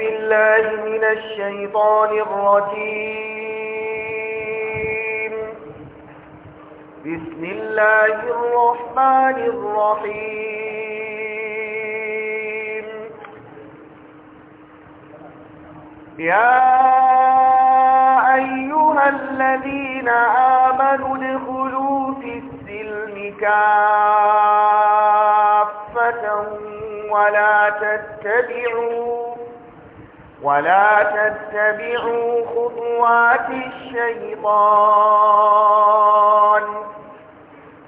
بالله من الشيطان الرجيم بسم الله الرحمن الرحيم يا أيها الذين آمنوا ادخلوا في السلم كافة ولا تتبعوا ولا تتبعوا خطوات الشيطان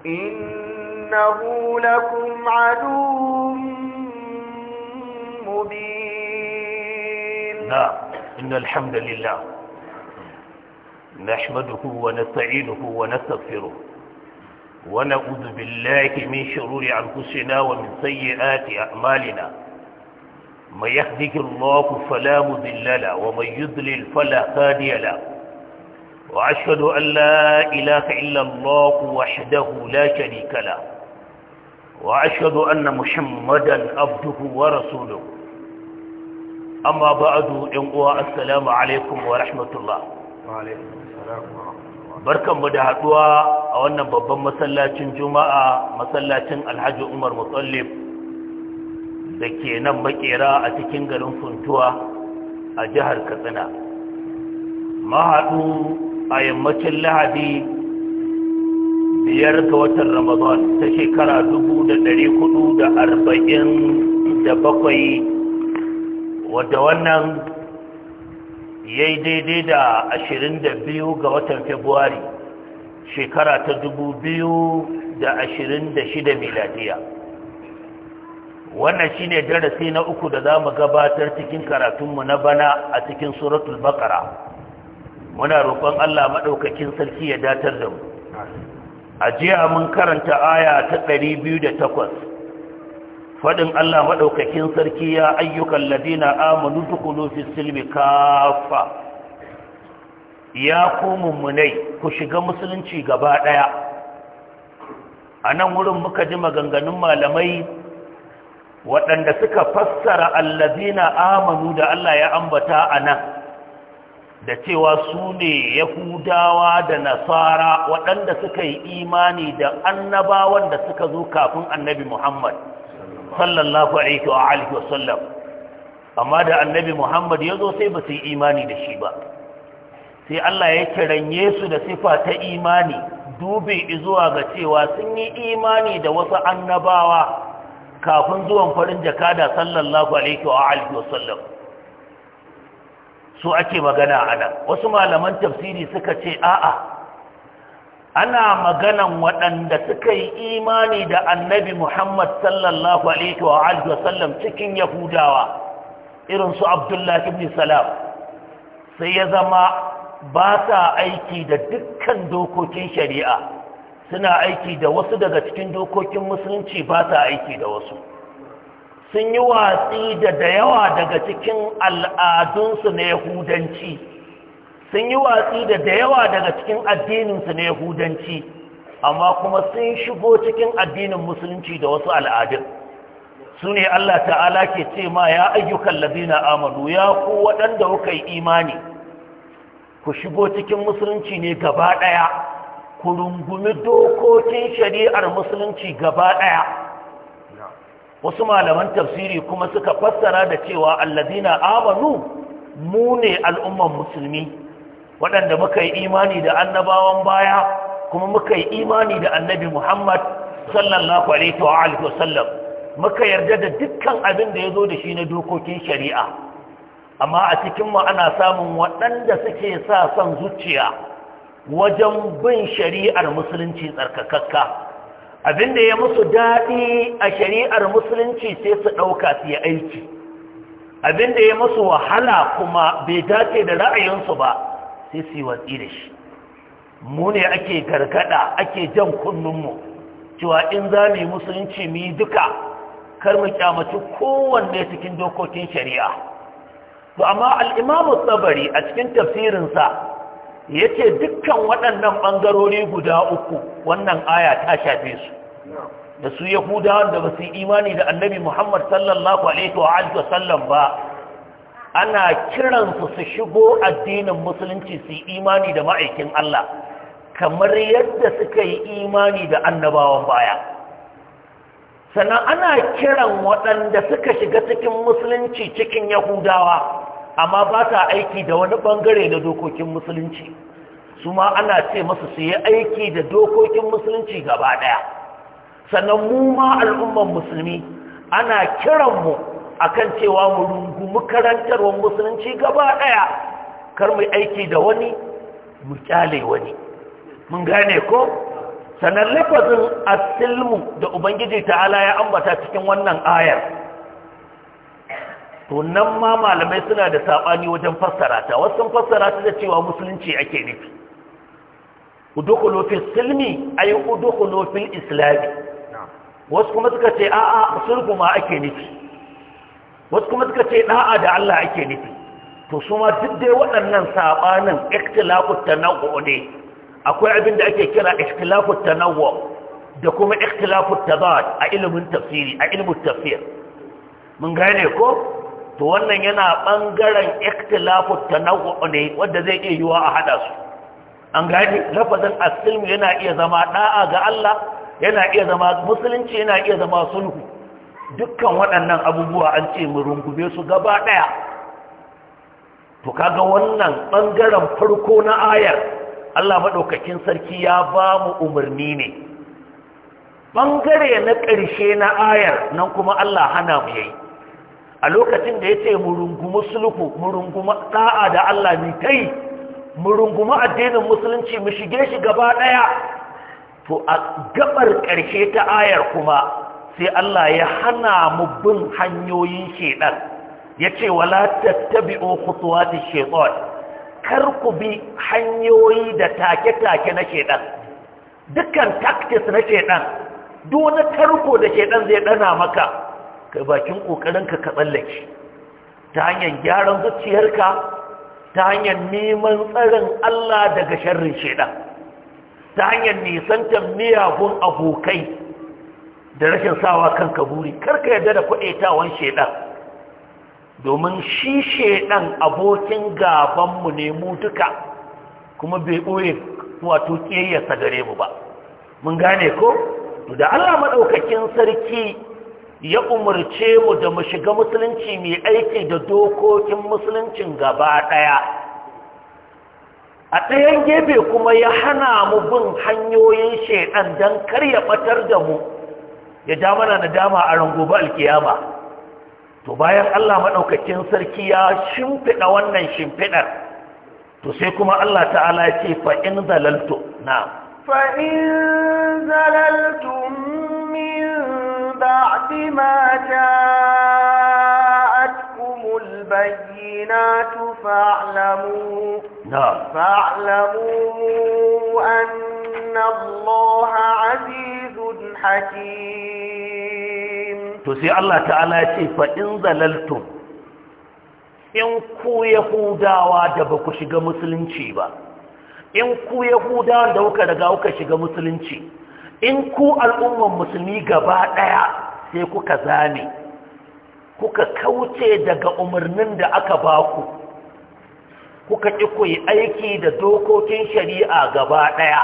إنه لكم عدو مبين نعم إن الحمد لله نحمده ونستعينه ونستغفره ونعوذ بالله من شرور أنفسنا ومن سيئات أعمالنا ma ya dhiki Allah fala mudillala wa man yudlil fala hadiyala wa ashhadu an la ilaha illa Allah wahdahu la sharika la wa ashhadu anna Muhammadan abduhu wa rasuluhu amma ba'du in uwa assalamu alaikum wa rahmatullah wa alaikum da haduwa a wannan babban masallacin Juma'a masallacin Alhaji Umar Musallib da ke nan makera a cikin garin funtuwa a jihar katsina mahaɗu a yammacin lahadi biyar ga watan ramadan ta shekara bakwai, wadda wannan ya yi daidai da ashirin da biyu ga watan februari shekara ta dubu biyu da da shida miladiya wannan shine darasi na uku da za mu gabatar cikin karatunmu na bana a cikin suratul baqara muna roƙon Allah maɗaukakin sarki ya datar da mu a jiya mun karanta aya ta 208 fadin Allah maɗaukakin sarki ya ayyukan ladina amanu tukulu fi silmi kafa ya ku mummunai ku shiga musulunci gaba ɗaya a nan wurin muka ji maganganun malamai waɗanda suka fassara allazina amanu da Allah ya ambata a nan da cewa su ne yahudawa da nasara waɗanda suka yi imani da annabawan da suka zo kafin annabi muhammad sallallahu alaihi wa alihi wasallam amma da annabi muhammad ya zo sai ba su yi imani da shi ba sai Allah ya kiranye su da sifa ta imani dubi zuwa ga cewa sun yi imani da wasu annabawa kafin zuwan farin jakada sallallahu alaihi wa alihi wasallam su ake magana ana wasu malaman tafsiri suka ce a'a ana maganan waɗanda suka yi imani da annabi Muhammad sallallahu alaihi wa alihi wasallam cikin yahudawa irin su Abdullahi ibn Salam sai ya zama ba sa aiki da dukkan dokokin shari'a suna aiki da wasu daga cikin dokokin musulunci ba sa aiki da wasu sun yi watsi da da yawa daga cikin al'adunsu na yahudanci sun yi watsi da da yawa daga cikin addininsu na yahudanci amma kuma sun shigo cikin addinin musulunci da wasu al'adun su ne Allah ta'ala ke ce ma ya ayyukan labina amadu ya ku waɗanda kuka yi imani ku shigo cikin musulunci ne gaba ɗaya ku rungumi dokokin shari'ar musulunci gaba ɗaya wasu malaman tafsiri kuma suka fassara da cewa allazina amanu mu ne al'umman musulmi waɗanda muka yi imani da annabawan baya kuma muka yi imani da annabi muhammad sallallahu alaihi wa alihi wasallam muka yarda da dukkan abin da ya zo da shi na dokokin shari'a amma a cikinmu ana samun waɗanda suke sa son zuciya wajen bin shari'ar musulunci tsarkakakka da ya musu daɗi a shari'ar musulunci sai su ɗauka su yi aiki da ya musu wahala kuma bai dace da ra'ayinsu ba sai su yi watsi da shi mu ne ake gargada ake jan kunninmu cewa in za mu yi musulunci mu yi duka kar mu kyamaci kowanne cikin dokokin shari'a to amma al'imamu tsabari a cikin tafsirinsa ya ce dukkan waɗannan ɓangarori guda uku wannan aya ta shafe su da su yahudawan da ba su imani da annabi muhammad sallallahu alaihi wa sallam ba ana kiransu su shigo addinin musulunci su imani da ma'aikin allah kamar yadda suka yi imani da annabawan baya sannan ana kiran waɗanda suka shiga cikin musulunci cikin yahudawa amma ba ta aiki da wani bangare na dokokin musulunci su ma ana ce masu su yi aiki da dokokin musulunci gaba daya sannan mu ma al'umman musulmi ana kiranmu akan cewa mu rungu makarantarwar musulunci gaba daya kar mu aiki da wani mu kyale wani mun gane ko sannan lafazin asilmu da ubangiji ta'ala ya ambata cikin wannan ayar to nan ma malamai suna da saɓani wajen fassara ta wasu fassara ta da cewa musulunci ake nufi udukulu fi silmi ay yi fil islami wasu kuma suka ce a'a sulhu ma ake nufi wasu kuma suka ce da'a da Allah ake nufi to su ma duk dai waɗannan saɓanin ikhtilafu tanawwu ne akwai abin da ake kira ikhtilafu tanawwu da kuma ikhtilafu tadad a ilimin tafsiri a ilimin tafsir mun gane ko to wannan yana ɓangaren ikhtilafu tanawwu ne wanda zai iya yiwa a hada su an gani lafazin asilmu yana iya zama da'a ga Allah yana iya zama musulunci yana iya zama sulhu dukkan waɗannan abubuwa an ce mu rungume su gaba ɗaya to kaga wannan ɓangaren farko na ayar Allah maɗaukakin sarki ya ba mu umarni ne ɓangare na ƙarshe na ayar nan kuma Allah hana mu yayi a lokacin da ya ce murungumi sulhu murungu da'a da Allah ne kai murungumi addinin musulunci mu shige shi gaba daya to a gabar ƙarshe ta ayar kuma sai Allah ya hana mu bin hanyoyin shedan yace wala tattabi'u khutuwati shaytan kar ku bi hanyoyi da take-take na shedan dukkan tactics na shedan duk wani tarko da shedan zai dana maka kai bakin ƙoƙarinka ka tsallake ta hanyar gyaran zuciyarka ta hanyar neman tsarin Allah daga sharrin shaidan ta hanyar nisantar miyagun abokai da rashin sawa kan kar karka yarda da kwaɗaitawan shaidan domin shi shaidan abokin gabanmu ne mu duka kuma bai ɓoye wato ƙiyayyarsa gare mu ba mun gane ko da Allah maɗaukakin sarki ya umarce mu da mu shiga musulunci mai aiki da dokokin musuluncin gaba ɗaya a ɗayan gefe kuma ya hana mu bin hanyoyin shaidan don kar ya ɓatar da mu ya damana na dama a rangoba alkiyama to bayan Allah maɗaukakin sarki ya shimfiɗa wannan shimfiɗar to sai kuma Allah ta'ala ya ce fa'in zalaltu na fa'in zalaltu بعد ما جاءتكم البينات فاعلموا نعم فاعلموا أن الله عزيز حكيم تسي الله تعالى فإن ظللتم in ku yahudawa da baku shiga musulunci ba in ku yahudawa da kuka daga kuka shiga musulunci in ku al'umman musulmi gaba ɗaya sai kuka zame, kuka kauce daga umarnin da aka ba ku kuka ƙi ku yi aiki da dokokin shari'a gaba ɗaya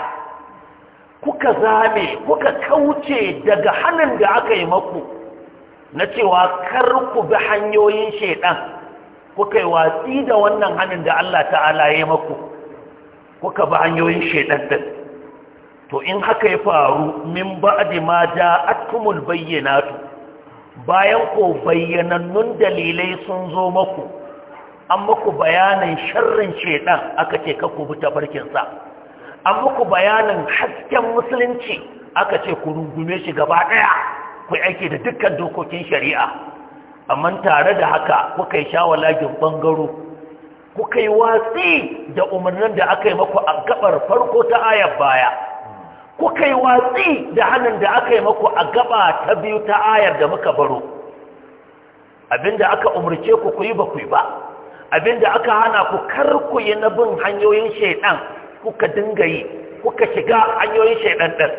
kuka zame kuka kauce daga hannun da aka yi maku na cewa kar ku bi hanyoyin shaidan kuka yi watsi da wannan hannun da Allah ta'ala ya yi maku kuka bi hanyoyin shaidan to in haka ya faru min ba'di ma ja'atkumul bayyinatu bayan ko bayyanannun dalilai sun zo maku an muku bayanin sharrin shedan aka ce ka ku bi ta sa an muku bayanin hasken musulunci aka ce ku rungume shi gaba daya ku aiki da dukkan dokokin shari'a amma tare da haka kuka yi shawalagin bangaro kuka yi watsi da umarnin da aka yi maku a gabar farko ta ayar baya kuka yi watsi da hannun da aka yi maku a gaba ta biyu ta ayar da muka baro abinda aka umarce ku ku yi ba ku yi ba abinda aka hana ku kar ku yi na bin hanyoyin shaidan kuka dinga yi kuka shiga hanyoyin shaidan ɗin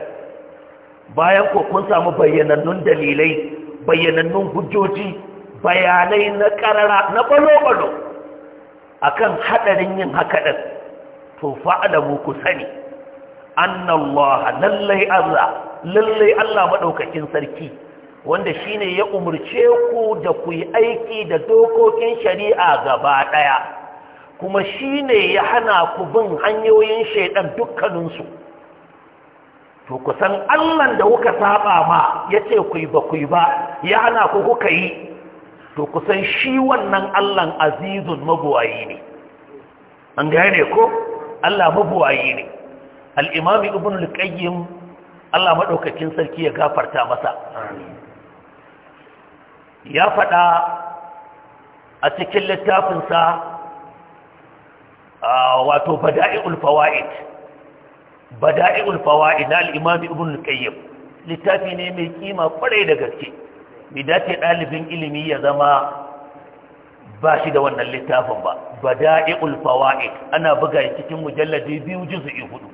bayan ku kun samu bayyanannun dalilai bayyanannun hujjoji bayanai na ƙarara na balo-balo akan haɗarin yin haka ɗin to fa'alamu ku sani annallaha lallai Allah lallai Allah madaukakin sarki wanda shine ya umurce ku da ku yi aiki da dokokin shari'a gaba daya kuma shine ya hana ku bin hanyoyin shaidan dukkanin su to ku san Allah da kuka saba ma yace ku yi ba ku yi ba ya hana ku kuka yi to ku san shi wannan Allah azizun mabuwayi ne an gane ko Allah mabuwayi ne al'imami ibn al-qayyim Allah maɗaukakin sarki ya gafarta masa ya faɗa a cikin littafinsa wato bada'i'ul fawa'id bada'i'ul fawa'id na al'imami ibn al-qayyim littafi ne mai kima kwarai da gaske mai dace ɗalibin ilimi ya zama ba shi da wannan littafin ba bada'i'ul fawa'id ana buga cikin mujalladi biyu juzu'i hudu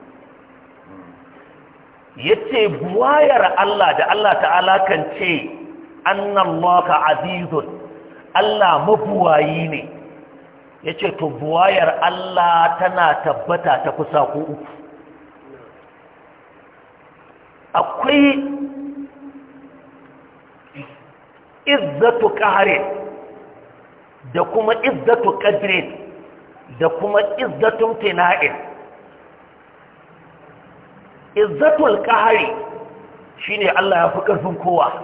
yace buwayar Allah da Allah ta'ala kan ce maka azizun Allah mabuwayi ne yace to buwayar Allah tana tabbata ta kusa ko uku akwai izzatu qahrin da kuma izzatu qadrin da kuma izzatun tina'in izzatul shi shine Allah ya fi karfin kowa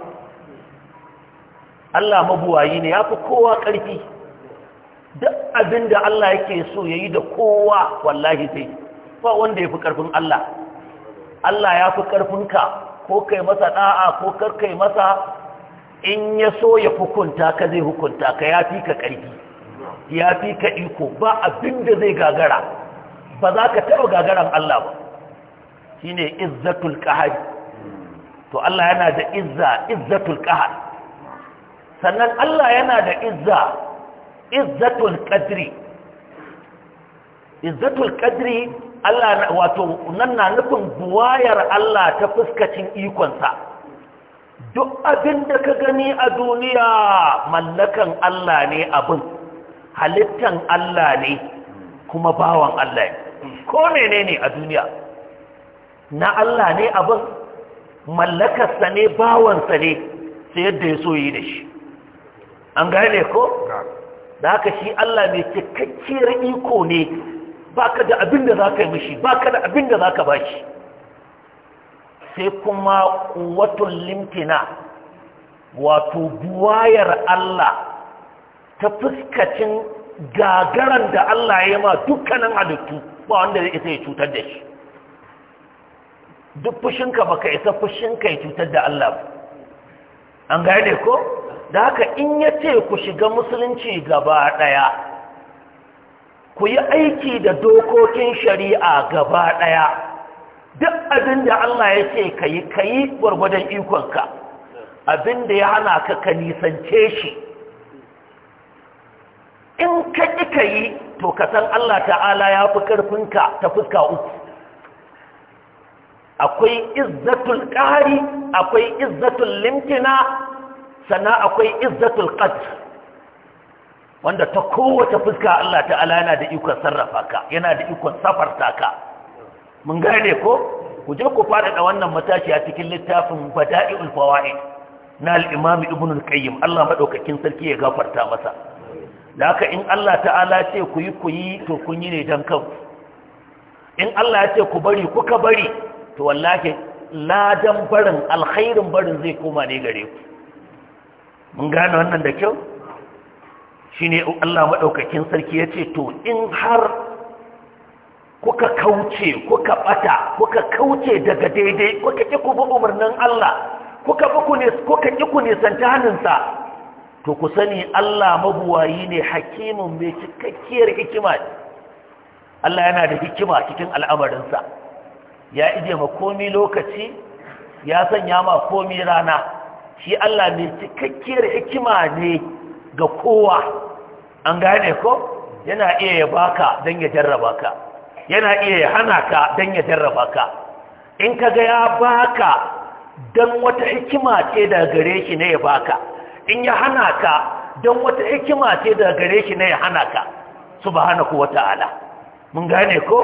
Allah mabuwayi ne ya fi kowa karfi duk abinda Allah yake so yayi da kowa wallahi sai ba wanda ya fi karfin Allah Allah ya fi ka ko kai masa da'a ko kar kai masa in ya so ya hukunta ka zai hukunta ka ya fi ka karfi ya fi ka iko ba abinda zai gagara ba za ka taɓa gagaran Allah ba shine izzatul qahar to Allah yana da izza izzatul qahar sannan Allah yana da izza izzatul qadri izzatul qadri Allah wato nan na nufin buwayar Allah ta fuskacin ikonsa duk abin da ka gani a duniya mallakan Allah ne abin halittan Allah ne kuma bawan Allah ne ko menene a duniya na Allah ne abin mallakarsa ne bawansa ne sai yadda ya so yi da shi an gane ko? da haka shi Allah mai cikakkiyar iko ne baka da abin da za ka yi mishi baka da abin da za ka ba shi sai kuma watan limtina wato buwayar Allah ta fuskacin gagaran da Allah ya ma dukkanin halittu ba wanda zai isa ya cutar da shi duk fushinka baka isa fushinka ya cutar da Allah ba an gane ko da haka in ya ce ku shiga musulunci gaba ɗaya ku yi aiki da dokokin shari'a gaba ɗaya duk abin da Allah ya ce ka yi ka yi gwargwadon ikonka abin da ya hana ka ka nisance shi in ka ƙi ka yi to ka san Allah ta'ala ya fi ƙarfinka ta fuska uku akwai izzatul ƙari akwai izzatul limtina sannan akwai izzatul ƙadr wanda ta kowace fuska Allah ta'ala yana da ikon sarrafa ka yana da ikon safarta ka mun gane ko ku je ku fara da wannan matashi a cikin littafin bada'iul fawaid na al-imam ibn al-qayyim Allah madaukakin sarki ya gafarta masa da haka in Allah ta'ala ce ku yi ku yi to kun yi ne dan kanku in Allah ya ce ku bari kuka bari to wallahi ladan barin alkhairin barin zai koma ne gare ku mun gane wannan da kyau shine Allah madaukakin sarki yace to in har kuka kauce kuka bata kuka kauce daga daidai kuka ki ku bi umarnin Allah kuka bi ku ne kuka ki ku ne to ku sani Allah mabuwayi ne hakimin mai cikakkiyar hikima Allah yana da hikima cikin al'amarinsa ya ije ma komi lokaci ya sanya ma komi rana shi Allah mai cikakkiyar hikima ne ga kowa an gane ko yana iya ya baka don ya jarraba ka yana iya ya hana ka don ya jarraba ka in ka ga ya baka don wata hikima ce da gare shi ne ya baka in ya hana ka don wata hikima ce da gare shi ne ya hana ka subhanahu wata'ala mun gane ko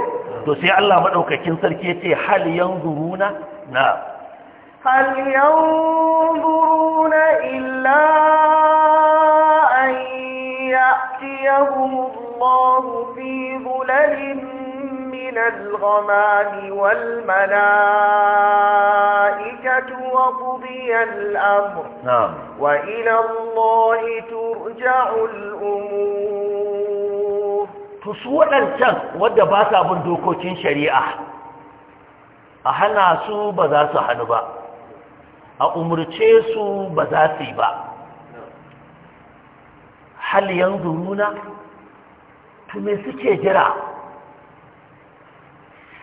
to sai Allah madaukakin sarki yace hal yanzuruna na hal yanzuruna illa an ya'tiyahumullahu fi dhulalin qudiya al-amr na wa ila allahi turja'u al-umur to su waɗancan wadda ba sa bin dokokin shari'a a hana su ba za su hannu ba a umarce su ba za su yi ba hal yanzu nuna to me suke jira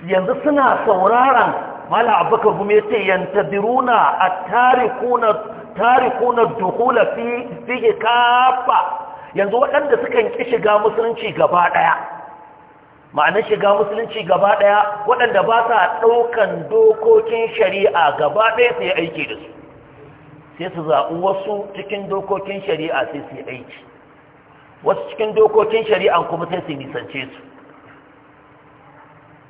yanzu suna sauraron mala abuka gume ce biruna a tarikuna tarikuna dukula fi kafa yanzu waɗanda sukan ƙi shiga musulunci gaba ɗaya ma'anin shiga musulunci gaba ɗaya waɗanda ba sa ɗaukan dokokin shari'a gaba ɗaya sai aiki da su sai su zaɓi wasu cikin dokokin shari'a sai su yi aiki wasu cikin dokokin shari'a kuma sai su nisance su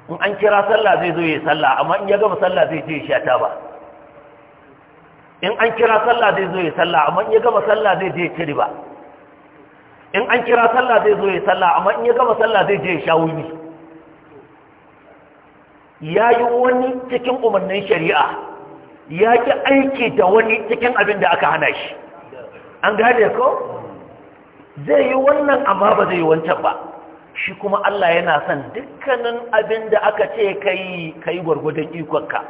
in an kira sallah zai zo ya sallah amma in ya gama sallah zai je ya sha ba. in an kira sallah zai zo ya sallah amma in ya gama sallah zai je ya ci riba in an kira sallah zai zo ya sallah amma in ya gama sallah zai je ya sha wuni ya yi wani cikin umarnin shari'a ya ki aiki da wani cikin abin da aka hana shi an gane ko zai yi wannan amma ba zai yi wancan ba shi kuma Allah yana son dukkanin abin da aka ce ka yi ka yi gwargwadon ikonka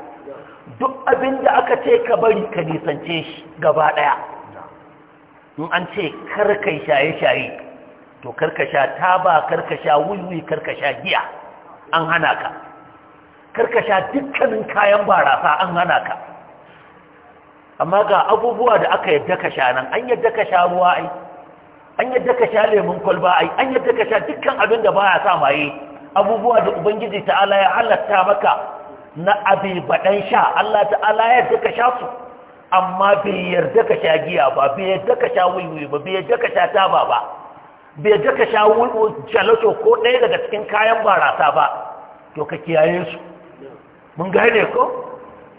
duk abin da aka ce ka bari ka nisance shi gaba ɗaya in an ce karkai shaye-shaye to karkasha taba karkasha wiwi karkasha giya an hana ka karkasha dukkanin kayan barasa an hana ka amma ga abubuwa da aka yadda ka sha nan an yadda ka sha ruwa ai an yadda ka sha lemun kwalba ai an yadda ka sha dukkan abin da baya sa maye abubuwa da ubangiji ta'ala ya halatta maka na abi baɗan sha Allah ta'ala ya yadda ka sha su amma bai yarda ka sha giya ba bai yarda ka sha wiwi ba bai yarda ka sha taba ba bai yarda ka sha jalato ko ɗaya daga cikin kayan barasa ba to ka kiyaye su mun gane ko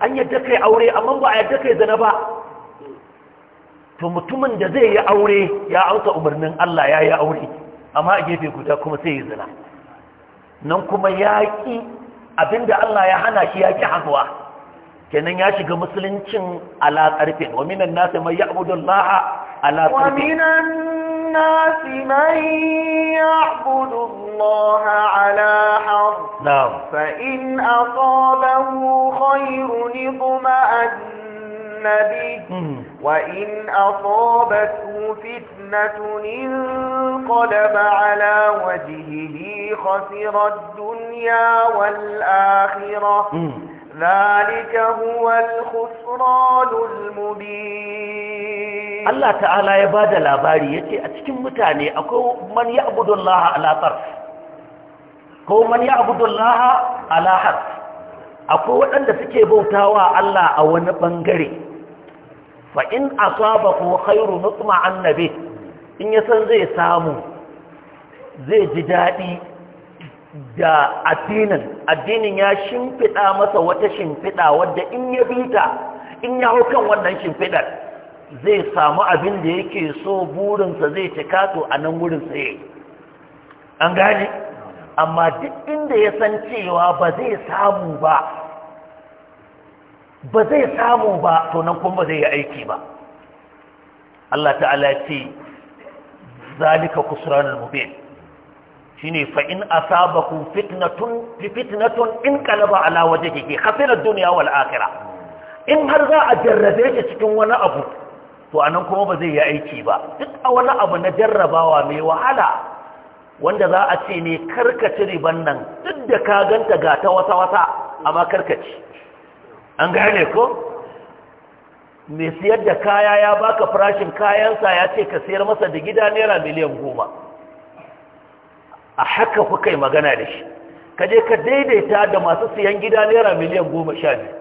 an yarda kai aure amma ba a yarda kai zina ba to mutumin da zai yi aure ya auta umarnin Allah ya yi aure amma a gefe guda kuma sai ya zina nan kuma ya abinda Allah ya hana shi ya ƙi hazuwa kenan ya shiga musuluncin ala karfin wa minan nasi man ya'budu Allah ala karfin wa minan nasi man ya'budu Allah ala harf na'am fa in asabahu khayrun itma'anna bi hmm. wa in asabathu fitnatun inqalaba ala wajhihi khasira ad-dunya wal akhirah hmm. ذلك هو الخسران المبين Allah Ta'ala ya bada labari yace a cikin mutane akwai man ya'budu Allah ala tarf ko man ya'budu Allah ala akwai waɗanda suke bautawa Allah a wani bangare fa in asabahu khairu nutma annabi in yasan zai samu zai ji dadi da addinin addinin ya shimfiɗa masa wata shimfiɗa wadda in ya bita in ya hau kan wannan shimfiɗar zai samu abin da yake so burinsa zai cika to a nan wurinsa sai an gane amma duk inda ya san cewa ba zai samu ba ba zai samu ba to nan kuma zai yi aiki ba Allah ta'ala ce zalika kusranul mubin shine fa in asabakum fitnatun fitnatun in qalaba ala wajhihi khasira ad-dunya wal akhirah in har za a jarrabe shi cikin wani abu to anan kuma ba zai yi aiki ba duk a wani abu na jarrabawa mai wahala wanda za a ce ne karkace riban nan duk da ka ganta ga ta wata wata amma karkace an gane ko mai siyar da kaya ya baka farashin kayansa ya ce ka sayar masa da gida naira miliyan goma a haka kuka yi magana da shi ka je ka daidaita da masu siyan gida naira miliyan goma sha biyu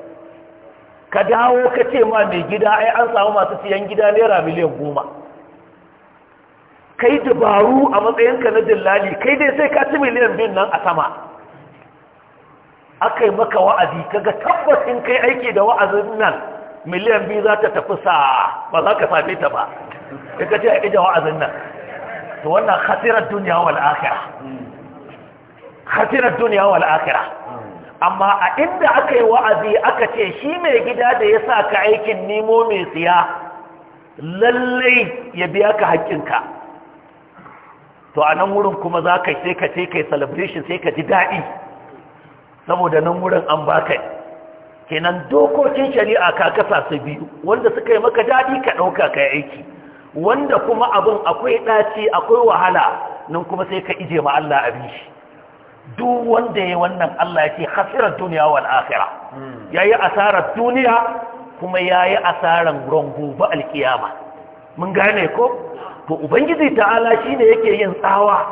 ka dawo ka ce ma mai gida ai an samu masu siyan gida naira miliyan goma kai dabaru a matsayinka na dillali kai dai sai ka ci miliyan biyun nan a sama aka yi maka wa'azi kaga tabbas in kai aiki da wa'azin nan miliyan biyu za ta tafi sa ba za ka same ta ba ka ce a ija wa'azin nan to wannan khasirar duniya wal akhirah khasirar duniya wal akhirah amma a inda aka yi wa'azi aka ce shi mai gida da ya sa ka aikin nemo mai siya lallai ya biya ka haƙƙinka to a nan wurin kuma za ka sai ka ce ka celebration sai ka ji daɗi saboda nan wurin an ba kenan dokokin shari'a ka kasa su biyu wanda suka yi maka daɗi ka ɗauka ka aiki wanda kuma abin akwai ɗaci akwai wahala nan kuma sai ka ije ma Allah abin shi duk wanda ya wannan Allah ya ce hasirar duniya wal akhirah hmm. yayi asarar duniya kuma yayi asaran rango ba alkiyama mun gane ko to ubangiji ta'ala shine yake yin tsawa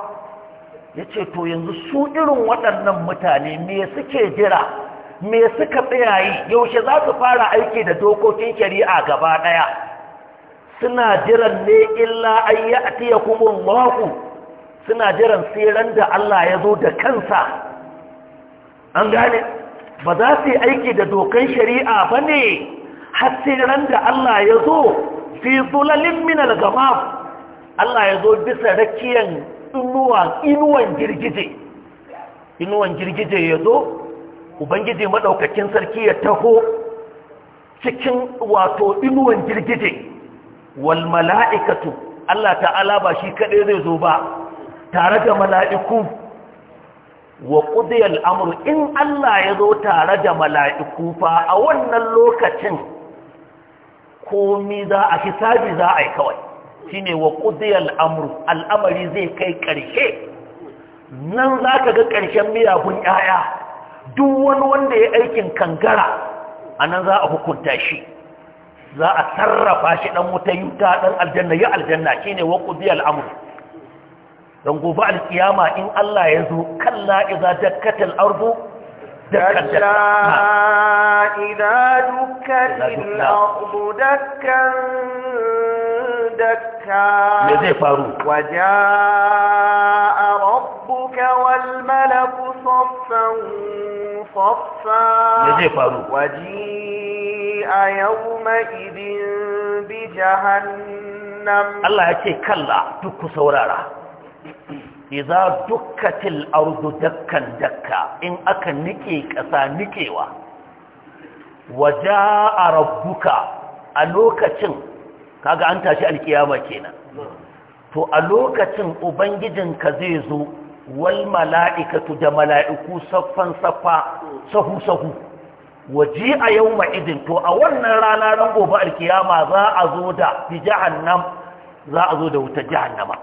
yace to yanzu su irin waɗannan mutane me suke jira me suka yi yaushe za su fara aiki da dokokin shari'a gaba ɗaya suna jiran ne illa an ya kuma kumun suna jiran tseren da Allah ya zo da kansa an gane ba za su yi aiki da dokan shari'a ba ne har tseren da Allah ya zo fi zulalin minal gama Allah ya zo bisa rakiyan inuwan girgije inuwan girgije ya zo ubangiji maɗaukakin sarki ya taho cikin wato inuwan girgije wal mala'ikatu Allah ta'ala ba shi kaɗai zai zo ba tare da mala'iku wa ƙudiyar in Allah ya zo tare da mala'iku fa a wannan lokacin komi za a hisabi za a yi kawai shi ne wa ƙudiyar al'amari zai kai ƙarshe nan za ka ga ƙarshen miyagun ‘ya'ya duk wani wanda ya aikin kangara a nan za a hukunta shi za a sarrafa shi ɗan wuta ta ɗan aljanna ya aljanna shine wa qudiyal al'amur, dan gobe alkiyama in Allah ya zo kalla idza dakkatal arzu كلا إذا دكت الأرض دكا دكا وجاء ربك والملك صفا صفا وجيء يومئذ بجهنم الله يكي كلا دك سورارا idza dukkatil ardu dakkan dakka in aka nike kasa nikewa waja'a rabbuka a lokacin kaga an tashi alkiyama kenan to a lokacin ubangijin ka zai zo wal mala'ikatu da mala'iku saffan saffa sahu sahu waji a yau idin to a wannan rana ran gobe alkiyama za a zo da fi jahannam za a zo da wuta jahannama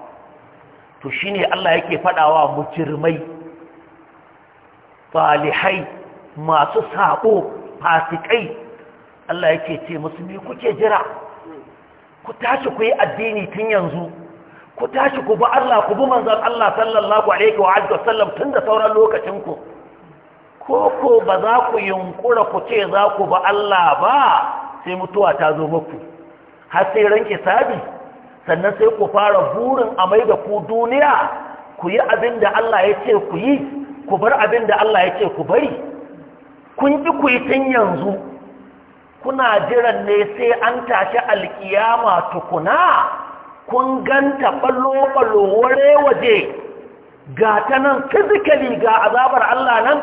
to shine Allah yake faɗawa mujirmai falihai masu saɓo fasikai Allah yake ce musu ne kuke jira ku tashi ku yi addini tun yanzu ku tashi ku bi Allah ku bi manzan Allah sallallahu alaihi wa sallam tun da sauran lokacinku, ku ko ko ba za ku yunkura ku ce za ku bi Allah ba sai mutuwa ta zo muku har sai ranke sabi sannan sai ku fara burin a mai da ku duniya ku yi abin da Allah ya ce ku yi ku bar abin da Allah ya ce ku bari kun ji ku yi tun yanzu kuna jiran ne sai an tashi alkiyama tukuna kun ganta ballo-ballo ware waje ga ta nan fizikali ga azabar Allah nan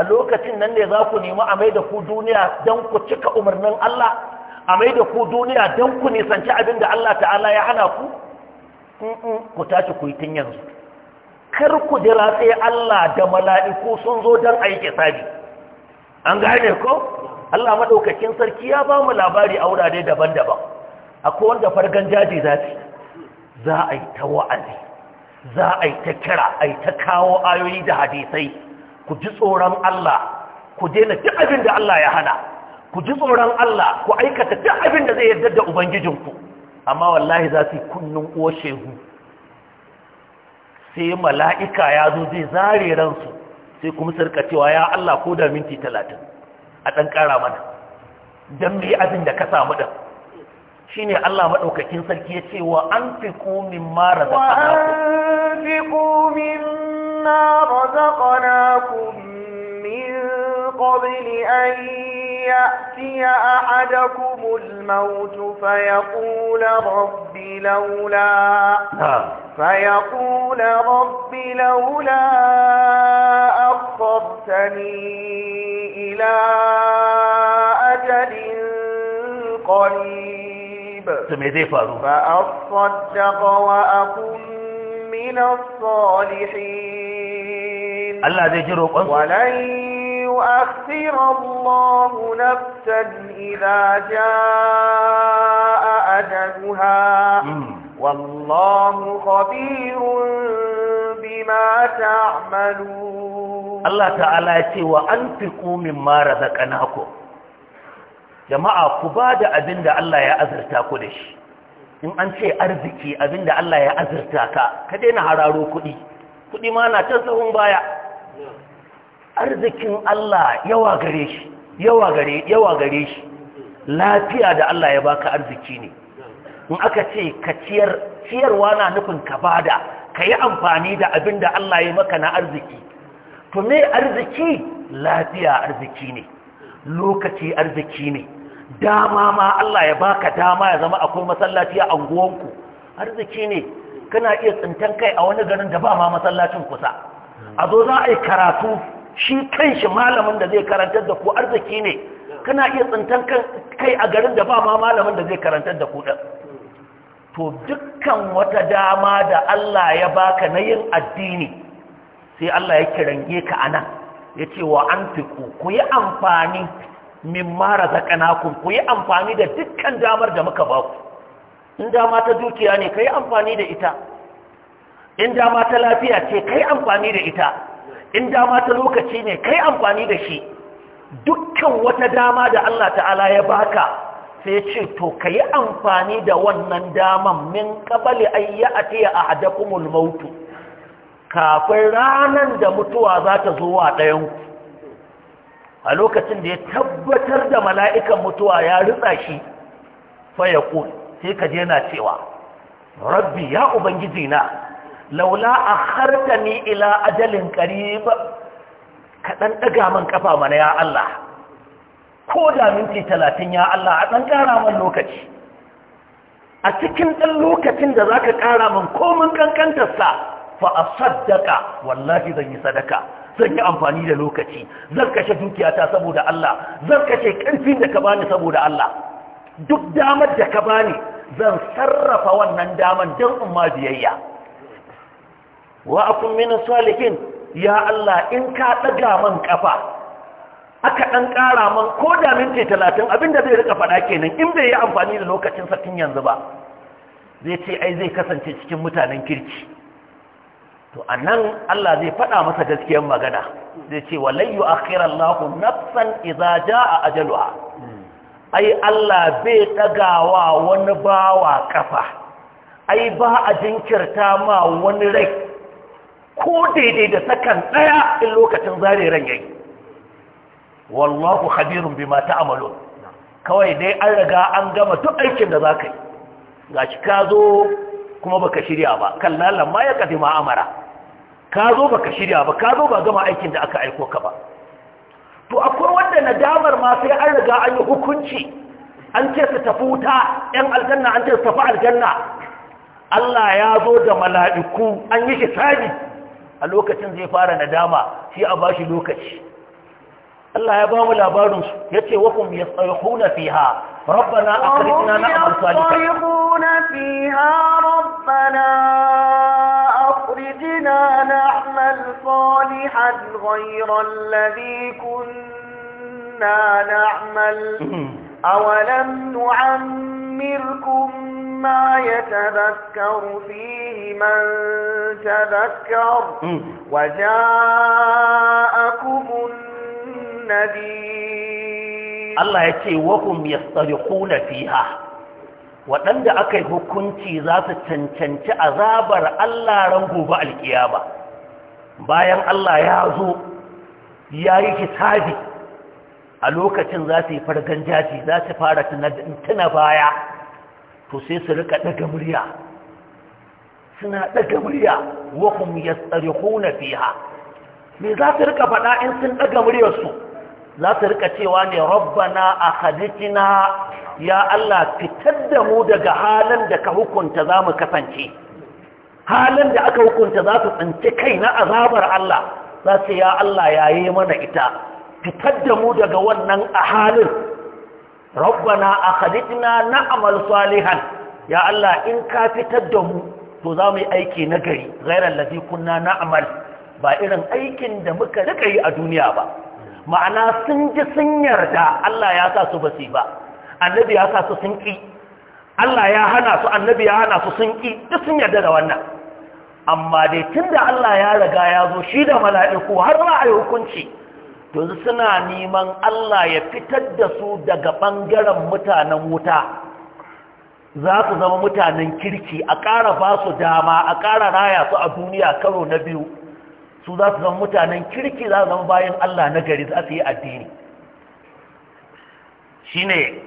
a lokacin nan ne za ku nemi a mai da ku duniya don ku cika umarnin Allah a mai da ku duniya don ku nisanci abin da Allah ta'ala ya hana ku ku tashi ku yi tun yanzu kar ku jira sai Allah da mala'iku sun zo don a sabi an gane ko Allah maɗaukakin sarki ya ba mu labari a wurare daban-daban akwai wanda fargan jaji za za a yi ta wa'azi za a yi ta kira a yi ta kawo ayoyi da hadisai ku ji tsoron Allah ku daina duk abin da Allah ya hana ku ji tsoron Allah ku aikata duk abin da zai yarda da ubangijinku amma wallahi za su yi kunnun shehu. sai mala'ika ya zo zai zare ransu sai kuma sarka cewa ya Allah ko da minti talatin a ɗan ƙara mana don mai abin da ka samu ɗan shi ne Allah maɗaukakin sarki ya ce wa an fi komin mara zaƙanaku قبل أن يأتي أحدكم الموت فيقول رب لولا نعم. فيقول رب لولا أخرتني إلى أجل قريب إيه فأصدق وأكن من الصالحين الله زي جروب ولن ليؤخر الله نفسا إذا جاء أجلها والله خبير بما تعملون الله تعالى يتي وأنفقوا مما رزقناكم jama'a ku ba da abin da Allah ya azurta ku in an ce arziki abin da Allah ya azurta ka ka daina hararu kuɗi kuɗi ma na can sahun baya arzikin Allah yawa gare shi yawa gare yawa gare shi lafiya da Allah ya baka arziki ne in aka ce ka ciyar ciyarwa na nufin ka bada ka yi amfani da abin da Allah ya maka na arziki to me arziki lafiya arziki ne lokaci arziki ne dama ma Allah ya baka dama ya zama akwai masallaci a anguwanku arziki ne kana iya tsintan kai a wani garin da ba ma masallacin kusa a zo za a yi karatu shi kanshi malamin da zai karanta da ku arziki ne kana iya tsintan kai a garin da ba ma malamin da zai karantar da ku to dukkan wata dama da Allah ya baka na yin addini sai Allah ya kirange ka a nan ya ce wa an ku yi amfani min mara zaƙanakun ku yi amfani da dukkan damar da muka ba ku in dama ta dukiya ne ka yi amfani da ita in dama ta lafiya ce ka yi amfani da ita in dama ta lokaci ne kai amfani da shi dukkan wata dama da Allah ta'ala ya baka sai ce to ka yi amfani da wannan daman min kabali ayya a tiya a mautu kafin ranar da mutuwa za ta zo wa ɗayanku a lokacin da ya tabbatar da mala'ikan mutuwa ya ritsa shi faya ƙul sai ka je na cewa rabbi ya ubangiji na laula ni ila ajalin qarib ka dan daga man mana ya Allah ko da minti talatin ya Allah a dan ƙara man lokaci a cikin ɗan lokacin da zaka ƙara man komin ƙanƙantarsa sa fa asaddaka wallahi zan yi sadaka zan yi amfani da lokaci zan kashe dukiyata saboda Allah zan kashe ƙarfin da ka bani saboda Allah duk damar da ka bani zan sarrafa wannan damar don in ma biyayya wa akun salihin ya Allah in ka daga man kafa aka ɗan ƙara man ko da minti 30 abinda zai rika faɗa kenan in bai yi amfani da lokacin sa tun yanzu ba zai ce ai zai kasance cikin mutanen kirki to anan Allah zai faɗa masa gaskiyar magana zai ce walayyu akhirallahu nafsan idza jaa ajaluha ai Allah bai dagawa wani bawa kafa ai ba a jinkirta ma wani rai ko daidai da sakan ɗaya in lokacin zare ran yayi wallahu khabirun bima ta'malun kawai dai an riga an gama duk aikin da zaka yi gashi ka zo kuma baka shirya ba kallalan ma ya kadima amara ka zo baka shirya ba ka zo ba gama aikin da aka aiko ka ba to akwai wanda nadamar ma sai an riga an yi hukunci an ce su tafi wuta yan aljanna an ce su tafi aljanna Allah ya zo da mala'iku an yi hisabi a lokacin zai fara nadama shi a bashi lokaci Allah ya ba mu labarin su yace wa kum yasayhuna fiha rabbana akhrijna na'mal salihan yasayhuna fiha rabbana akhrijna na'mal salihan ghayra alladhi kunna na'mal awalam nu'ammirkum مما يتذكر فيه من تذكر وجاءكم النذير الله يتي وهم يصطرخون فيها waɗanda aka yi hukunci za su cancanci azabar Allah ran gobe alkiyama bayan Allah ya zo ya yi hisabi a lokacin za su yi fargan jaji za su fara tuna baya to sai su rika daga murya suna daga murya wa hum fiha me za su rika faɗa in sun daga muryarsu za su rika cewa ne rabbana akhaditna ya Allah fitar da mu daga halin da ka hukunta za mu kasance halin da aka hukunta za su tsinci kai na azabar Allah za su ya Allah yaye mana ita fitar da mu daga wannan a halin rabbana na na'mal salihan ya Allah in ka fitar da mu to za mu yi aiki na gari ghairal ladhi kunna na'mal ba irin aikin da muka rika yi a duniya ba ma'ana sun ji sun yarda Allah ya sa su basi ba annabi ya sa su sun ki Allah ya hana su annabi ya hana su sun ki duk sun yarda da wannan amma dai tunda Allah ya riga ya zo shi da mala'iku har ma a yi hukunci yanzu suna neman Allah ya fitar da su daga ɓangaren mutanen wuta za su zama mutanen kirki a ƙara ba su dama a ƙara raya su a duniya karo na biyu su za su zama mutanen kirki za su zama bayan Allah na gari za su yi addini shi ne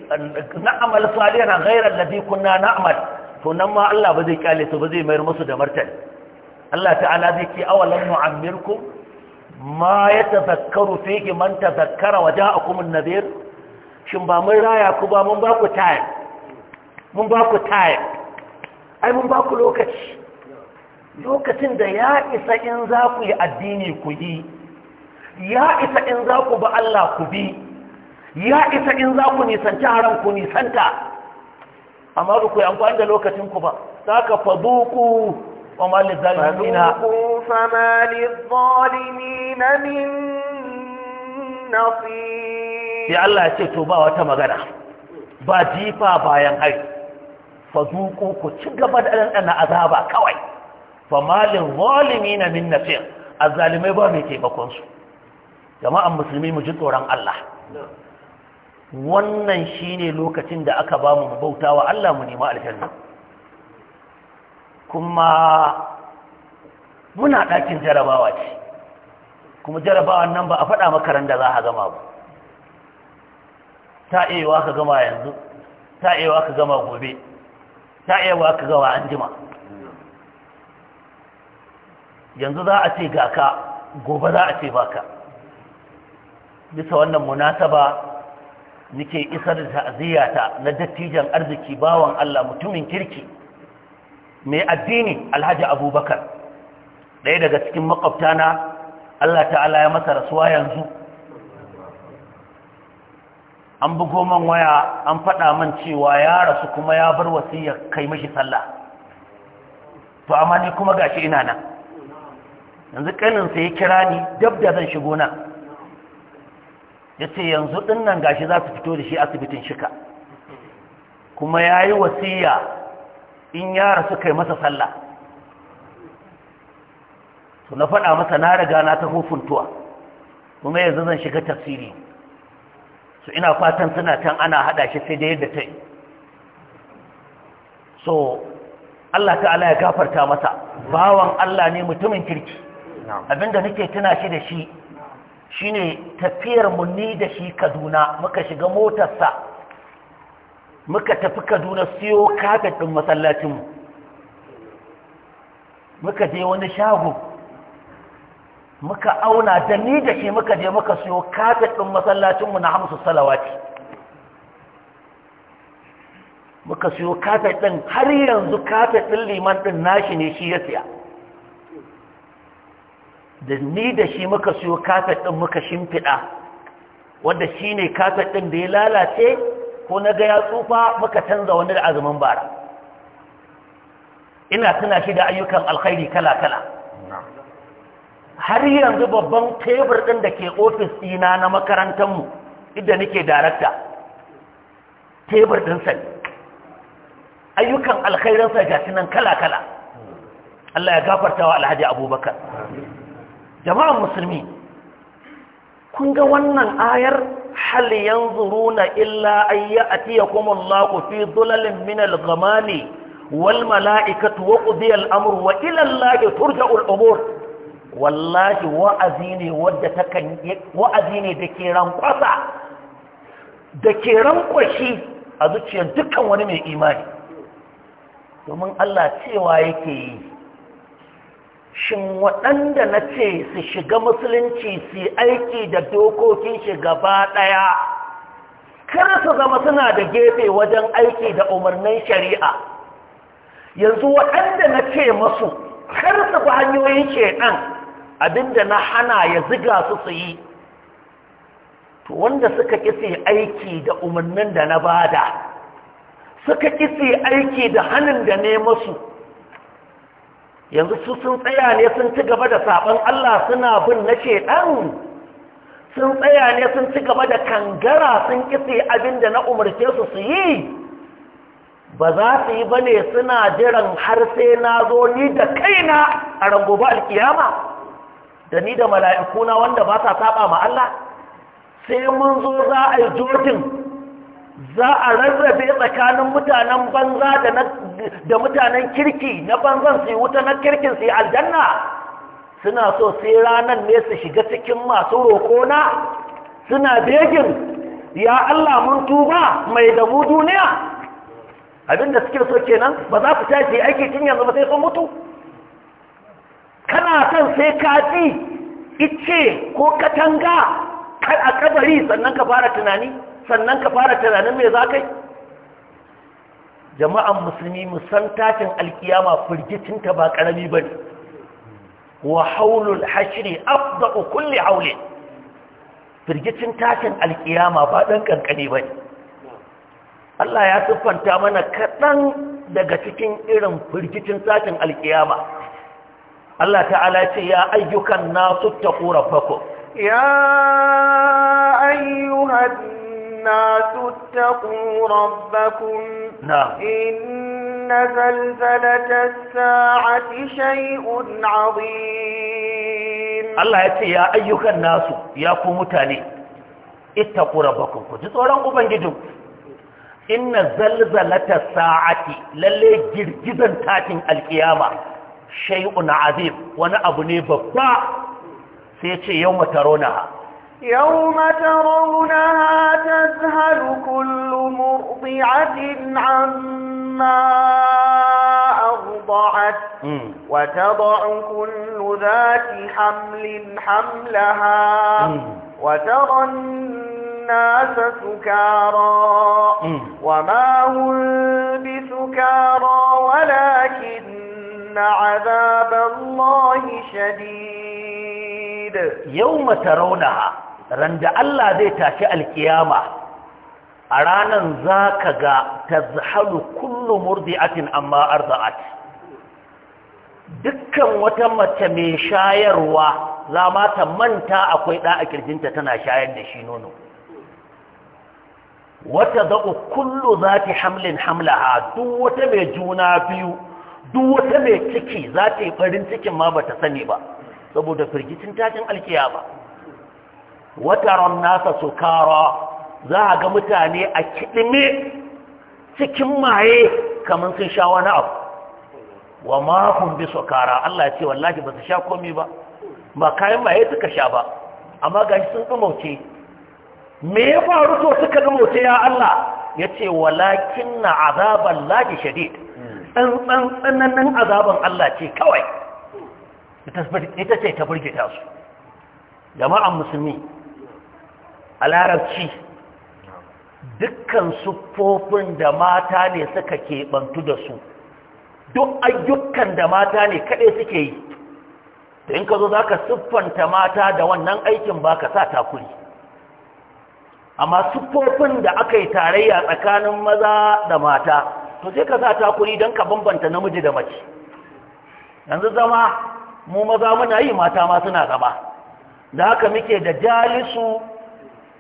na'amal saliya na gairar ladi kunna na'amal to nan ma Allah ba zai kyale su ba zai mayar musu da martani Allah ta'ala zai ke awalan mu'amirku ma ya tazakkaru fihi man tazakkara wa ja'akum an-nadhir shin ba mun raya ku ba mun ba ku mun ba lokaci lokacin da ya isa in za ku yi addini ku yi ya isa in za ku ba Allah ku bi ya isa in za ku nisanci haram ku nisanta amma ku yi amfani da lokacin ku ba za ka faduku وما للظالمين فما للظالمين من نصير يا الله يا تو با wata magana ba jifa bayan hari fazuku ku ci gaba da dan azaba kawai fama lilzalimin min nasir azzalimai ba mai taimakon su jama'an musulmi mu ji tsoron Allah wannan shine lokacin da aka ba mu bautawa Allah mu nemi aljanna kuma muna ɗakin jarabawa ce kuma jarabawan nan ba a faɗa makaran da za a gama ba ta iya ka gama yanzu ta iya ka gama gobe ta iya ka gama an jima yanzu za a ce ga ka gobe za a ce ba ka. bisa wannan munasaba nike isar da ta'aziyyata na dattijan arziki bawan Allah mutumin kirki mai addini alhaji abubakar ɗaya daga cikin makwabta na allah ta'ala ya masa rasuwa yanzu an bugo man waya an faɗa man cewa ya rasu kuma ya bar wasiya kai mashi sallah to amma ni kuma gashi ina nan yanzu ƙaninsa ya kira ni dab da zan shigo nan ya ce yanzu ɗin ɗinnan gashi za su fito da shi asibitin shika kuma ya yi wasiya in ya suka yi masa sallah to na faɗa masa na riga na ta funtuwa kuma yanzu zan shiga tafsiri so ina fatan suna can ana haɗa shi sai da yadda ta yi so Allah ta'ala ya gafarta masa bawan Allah ne mutumin kirki abinda nake tuna shi da shi shine tafiyar mu ni da shi Kaduna muka shiga motarsa muka tafi kaduna siyo kafet ɗin masallacinmu muka je wani shago muka auna da ni da shi muka je muka siyo kafet ɗin masallacinmu na hamsu salawati muka siyo kafet ɗin har yanzu kafet ɗin liman ɗin nashi ne shi ya siya da ni da shi muka siyo kafet ɗin muka shimfiɗa wanda shi ne kafet ɗin da ya lalace ko na ga ya tsufa muka canza wani da azumin bara ina tuna shi da ayyukan alkhairi kala-kala har yanzu babban tebur ɗin da ke ofis ɗina na makarantarmu inda nake darakta tebur ɗinsa ne ayyukan alkhairinsa ga nan kala-kala Allah ya gafarta wa alhaji abubakar jama'an musulmi kun ga wannan ayar hal yanzuruna illa an ya'tiyakum Allahu fi dhulalin min al-ghamami wal mala'ikatu wa qudiya al-amru wa ila Allahi turja'u al-umur wallahi wa'azi ne wadda takan wa'azi ne da ke rankwasa rankwashi a zuciyar dukkan wani mai imani domin Allah cewa yake yi shin waɗanda na ce su shiga musulunci su aiki da dokokin shi gaba ɗaya kar su zama suna da gefe wajen aiki da umarnin shari'a yanzu waɗanda na ce masu kar su ba hanyoyin shedan abinda na hana ya ziga su su yi to wanda suka kise aiki da umarnin da na bada suka kise aiki da hannun da ne masu yanzu su sun tsaya ne sun ci gaba da saɓon Allah suna bin na shedan sun tsaya ne sun ci gaba da kangara sun kitse abin da na umarce su su yi ba za su yi ba ne suna jiran har sai na zo ni da kaina a rangoba alkiyama da ni da mala'ikuna wanda ba sa saɓa ma Allah sai mun zo za a yi jordin za a rarrabe tsakanin mutanen banza da mutanen kirki na banzan su yi wuta na kirkin su yi aljanna suna so sai ranar ne su shiga cikin masu roƙona suna begin ya Allah mun tuba mai da duniya abinda suke so kenan ba za su tashi aiki tun yanzu ba sai sun mutu kana son sai ka ji ice ko katanga a kabari sannan ka fara tunani sannan ka fara tunanin me za kai jama'an musulmi musan tashin alkiyama firgicinta ba karami ba ne wa haulul hashiri afda'u kulli haule firgicin tashin alkiyama ba ɗan ƙanƙani ba ne Allah ya siffanta mana kaɗan daga cikin irin firgicin tashin alkiyama Allah ta'ala ce ya ayyukan nasu ta ƙorafa ku ya ayyuhan الناس اتقوا ربكم نعم إن زلزلة الساعة شيء عظيم الله يتي يا أيها الناس يا كمتاني اتقوا ربكم كنت تورنقوا بنجدوا إن زلزلة الساعة للي جرجزا تاتم القيامة شيء عظيم وانا أبني ببا سيتي يوم ترونها يوم ترونها تذهل كل مرضعة عما أرضعت وتضع كل ذات حمل حملها وترى الناس سكارى وما هم بسكارى ولكن عذاب الله شديد da yau matarauna ran da Allah zai tashi alkiyama a ranan za ka ga ta zahalu kullu murdi'atin amma arza'at dukkan wata mace mai shayarwa za ma ta manta akwai ɗa a kirjinta tana shayar da shi nono wata za'u kullu za ta hamlin hamlaha duk wata mai juna biyu duk wata mai ciki za ta yi farin cikin ma bata sani ba saboda firgicin tashin alkiyama wataron nasa sukara za a ga mutane a kiɗime cikin maye kamar sun sha wani abu wa makon bi sukara Allah ya ce wallahi ba su sha komi ba ba kayan maye suka sha ba amma ga sun ɗumauce me ya faru to suka ɗumauce ya Allah ya ce walakin na azaban laji shadid hmm. tsananin azaban Allah ce kawai ita ce ta burgita su jama'an musulmi a larabci dukkan siffofin da mata ne suka keɓantu da su duk ayyukan da mata ne kaɗai suke yi da in ka zo za ka siffanta mata da wannan aikin ba ka sa takuri amma siffofin da aka yi tarayya tsakanin maza da mata to sai ka sa takuri don ka bambanta namiji da mace yanzu zama mu maza muna yi mata ma suna gaba da haka muke da jalisu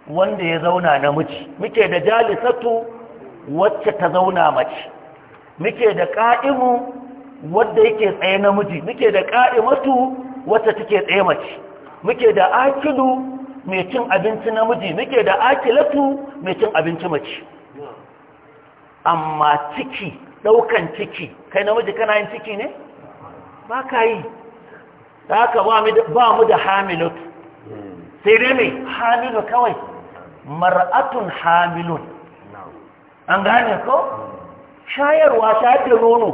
wanda ya zauna namiji muke da jalisatu wacce ta zauna mace muke da ƙa'imu wadda yake tsaye namiji muke da ƙa'imatu wacce take tsaye mace muke da akilu mai cin abinci namiji muke da akilatu mai cin abinci mace amma ciki ɗaukan ciki kai namiji kana yin ciki ne ba ka yi da haka ba mu da hamilu. sai dai mai hamilu kawai mar'atun hamilun an gane ko shayarwa ta da nono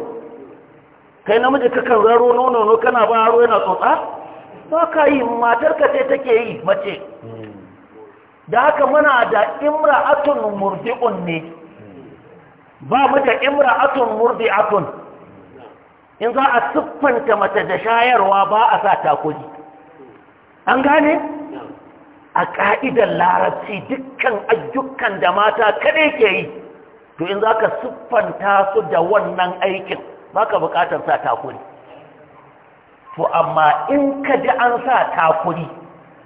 kai namiji kakan zaro nono kana ba haro yana tsotsa ba ka yi matarka sai take yi mace da haka muna da imra'atun murdi'un ne ba mu da imra'atun murdi'atun in za a siffanta mace da shayarwa ba a sa takuri an gane a ka'idar larabci dukkan ayyukan da mata kaɗai ke yi to in za ka siffanta su da wannan aikin ba ka buƙatar sa takuri to amma in ka ji an sa takuri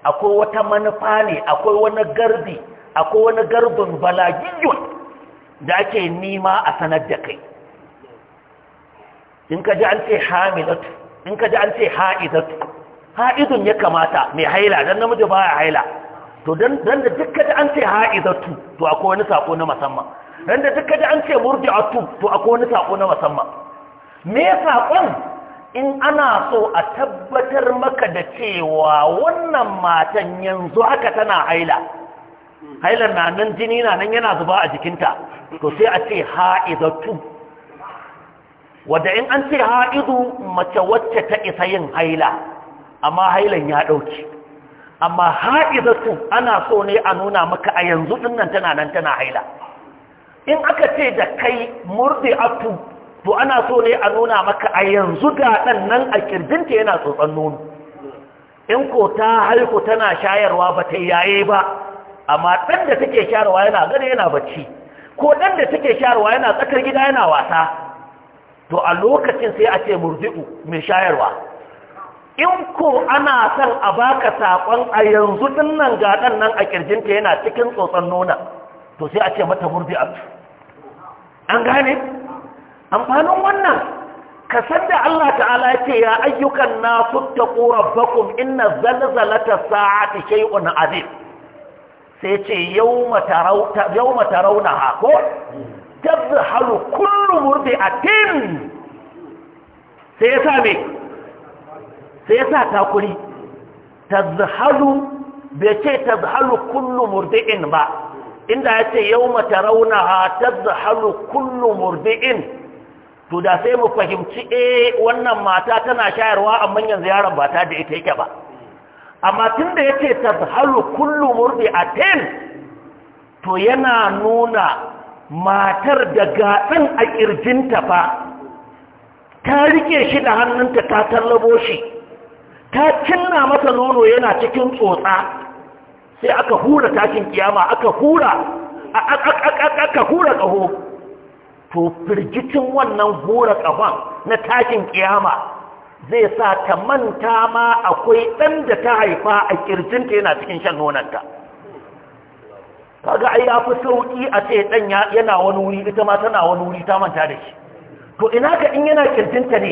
akwai wata manufa ne akwai wani garbi akwai wani garbin balagiyyun da ake nima a sanar da kai in ka ji an ce hamilat in ka ji an ce ha'idatu ha'idun ya kamata mai haila dan namiji ba ya haila to dan da duk kaji an ce ha'idatu to akwai wani sako na musamman dan da duk kaji an ce tu to akwai wani sako na musamman me sakon in ana so a tabbatar maka da cewa wannan matan yanzu haka tana haila hailar na nan jini na nan yana zuba a jikinta to sai a ce ha'idatu wadda in an ce ha'idu mace wacce ta isa yin haila amma hailan ya ɗauki amma ha'idatu ana so ne a nuna maka a yanzu dinnan tana nan tana haila in aka ce da kai murdi atu to ana so ne a nuna maka a yanzu da ɗan nan a kirjinta yana tsotson nono in ko ta haiku tana shayarwa ba ta yaye ba amma ɗan da take shayarwa yana gani yana bacci ko ɗan da take shayarwa yana tsakar gida yana wasa to a lokacin sai a ce murdu'u mai shayarwa in ko ana san a baka saƙon a yanzu din nan ga ɗan nan a ƙirjinta yana cikin tsotson nona to sai a ce mata murdi'atu an gane amfanin wannan ka san da Allah ta'ala ya ce ya ayyukan nasu ta rabbakum inna zalzalata sa'ati shay'un azim sai ce yau mata rauna ko tazhalu kullu murdi'atin sai ya sa me sai ya sa takuri tazhalu bai ce tazhalu kullu murdi'in ba inda ya ce yawma tarawnaha tazhalu kullu murdi'in to da sai mu fahimci eh wannan mata tana shayarwa amma yanzu yaron ba ta da ita yake ba amma tunda yace tazhalu kullu murdi'atin to yana nuna matar da gaɗin a ƙirjinta fa ta rike shi da hannunta ta tallabo shi ta cinna masa nono yana cikin tsotsa sai aka hura tashin kiyama aka hura aka hura ƙaho to firgicin wannan hura ƙahon na takin kiyama zai sa ta manta ma akwai ɗan da ta haifa a ƙirjinta yana cikin shan nonanta kaga ai ya fi sauki a ce dan yana wani wuri ita ma tana wani wuri ta manta da shi to ina ka in yana kirtinta ne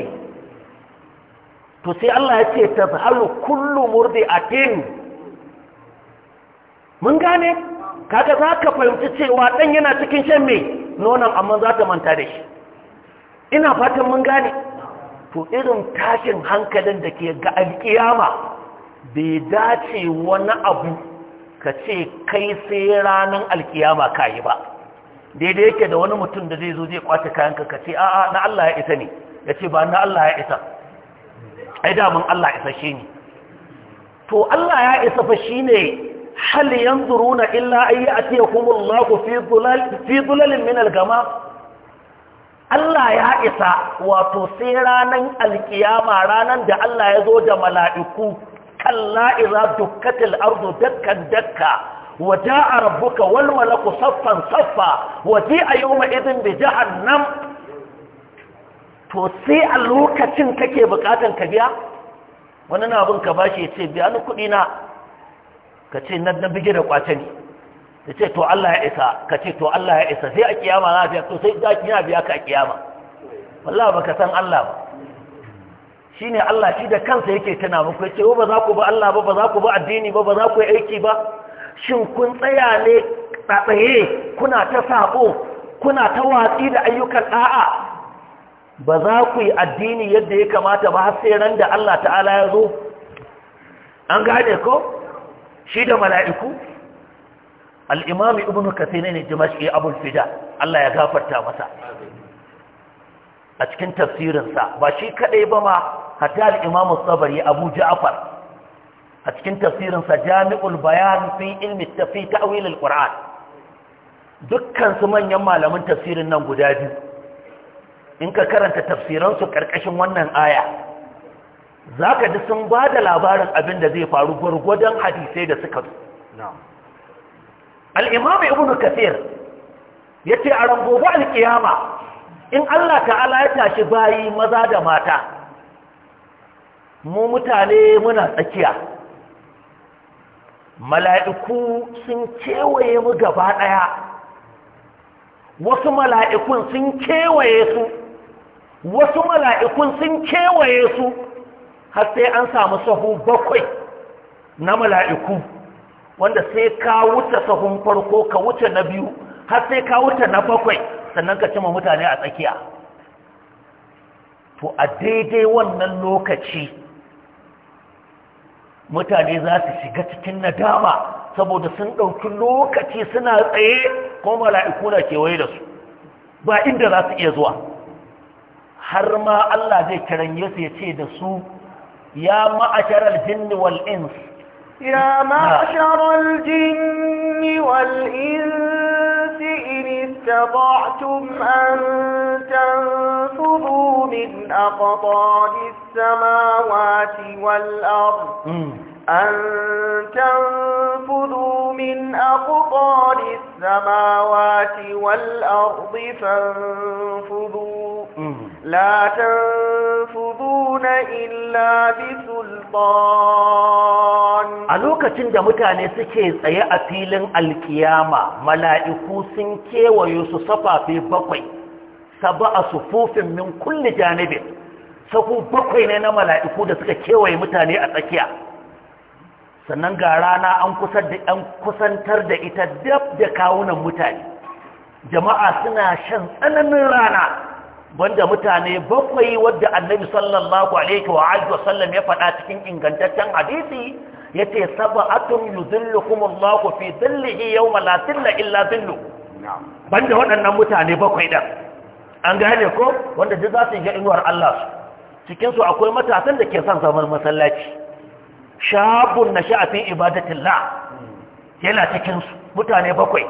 to sai Allah ya ce tabhalu kullu atin mun gane kaga za ka fahimci cewa dan yana cikin shan me nonon amma za ta manta da shi ina fatan mun gane to irin tashin hankalin da ke ga alkiyama bai dace wani abu ka ce kai sai ranar alkiyama ka yi ba daidai yake da wani mutum da zai zo zai kwace kayanka ka ce a'a na Allah ya isa ne ya ce ba na Allah ya isa ai damun Allah ya isa shi ne to Allah ya isa fa shi ne hal yanzuruna illa ay ya'tiyahumullahu fi dhulal fi dhulalin min al-ghamam Allah ya isa wato sai ranan alkiyama ranan da Allah ya zo da mala'iku dakkan-dakkan, كلا إذا دكت الأرض دكا دكا وجاء ربك والملك صفا صفا وجيء يومئذ بجهنم to sai a lokacin kake bukatan ka biya wani na abin ka bashi ya ce biya ni kuɗi na ka ce na na bige da kwace ne ya ce to Allah ya isa ka ce to Allah ya isa sai a kiyama na biya to sai za ki biya ka a kiyama wallahi baka san Allah ba Shi ne Allah shi da kansa yake tana muku ce ba za ku ba Allah ba ba za ku ba addini ba ba za ku yi aiki ba shin kun tsaya ne tsaye kuna ta sabo kuna ta watsi da ayyukan a'a? ba za ku yi addini yadda ya kamata ba har sai ran da Allah ta'ala ya zo an gane ko shi da mala'iku al-imam ibnu kathir ne dimashqi abul fida Allah ya gafarta masa a cikin tafsirinsa ba shi kadai ba ma hatta al-imam as-sabari abu ja'far a cikin tafsirin sa jami'ul bayan fi ilmi tafi ta'wil al-qur'an dukkan su manyan malaman tafsirin nan guda biyu in ka karanta tafsiran su karkashin wannan aya zaka ji sun ba da labarin abin da zai faru gurgudan hadisai da suka al-imam ibnu kathir yace a ran gobe al in Allah ta'ala ya tashi bayi maza da mata mu mutane muna tsakiya mala'iku sun kewaye mu gaba ɗaya wasu mala'ikun sun kewaye su wasu mala'ikun sun kewaye su har sai an samu sahu bakwai na mala'iku wanda sai ka wuce sahun farko ka wuce na biyu har sai ka wuce na bakwai sannan ka cima mutane a tsakiya to a daidai wannan lokaci mutane za su shiga cikin nadama saboda sun ɗauki lokaci suna tsaye ko mala'iku na kewaye da su ba inda za su iya zuwa har ma Allah zai kiran yasu ya ce da su ya ma'asharar jinni wal ya ma'asharar jinni wal استطعتم أن تنفذوا من أقطار السماوات والأرض أن تنفذوا من أقطار السماوات والأرض فانفذوا لا تنفذون إلا بسلطان a lokacin da mutane suke tsaye a filin alkiyama mala'iku sun kewaye su safafe bakwai saba'a sufufin min kulli janibin safu bakwai ne na mala'iku da suka kewaye mutane a tsakiya sannan ga rana an kusantar da ita dab da kawunan mutane jama'a suna shan tsananin rana banda mutane bakwai wadda annabi sallallahu alaihi wa alihi wa sallam ya faɗa cikin ingantaccen hadisi yace sab'atun yudhillukumullahu fi dhillihi yawma la dhilla illa dhillu banda waɗannan mutane bakwai din an gane ko wanda duk za su ga inuwar Allah cikin su akwai matasan da ke son zaman masallaci shabun nasha'a fi ibadatillah hmm. yana cikin su mutane bakwai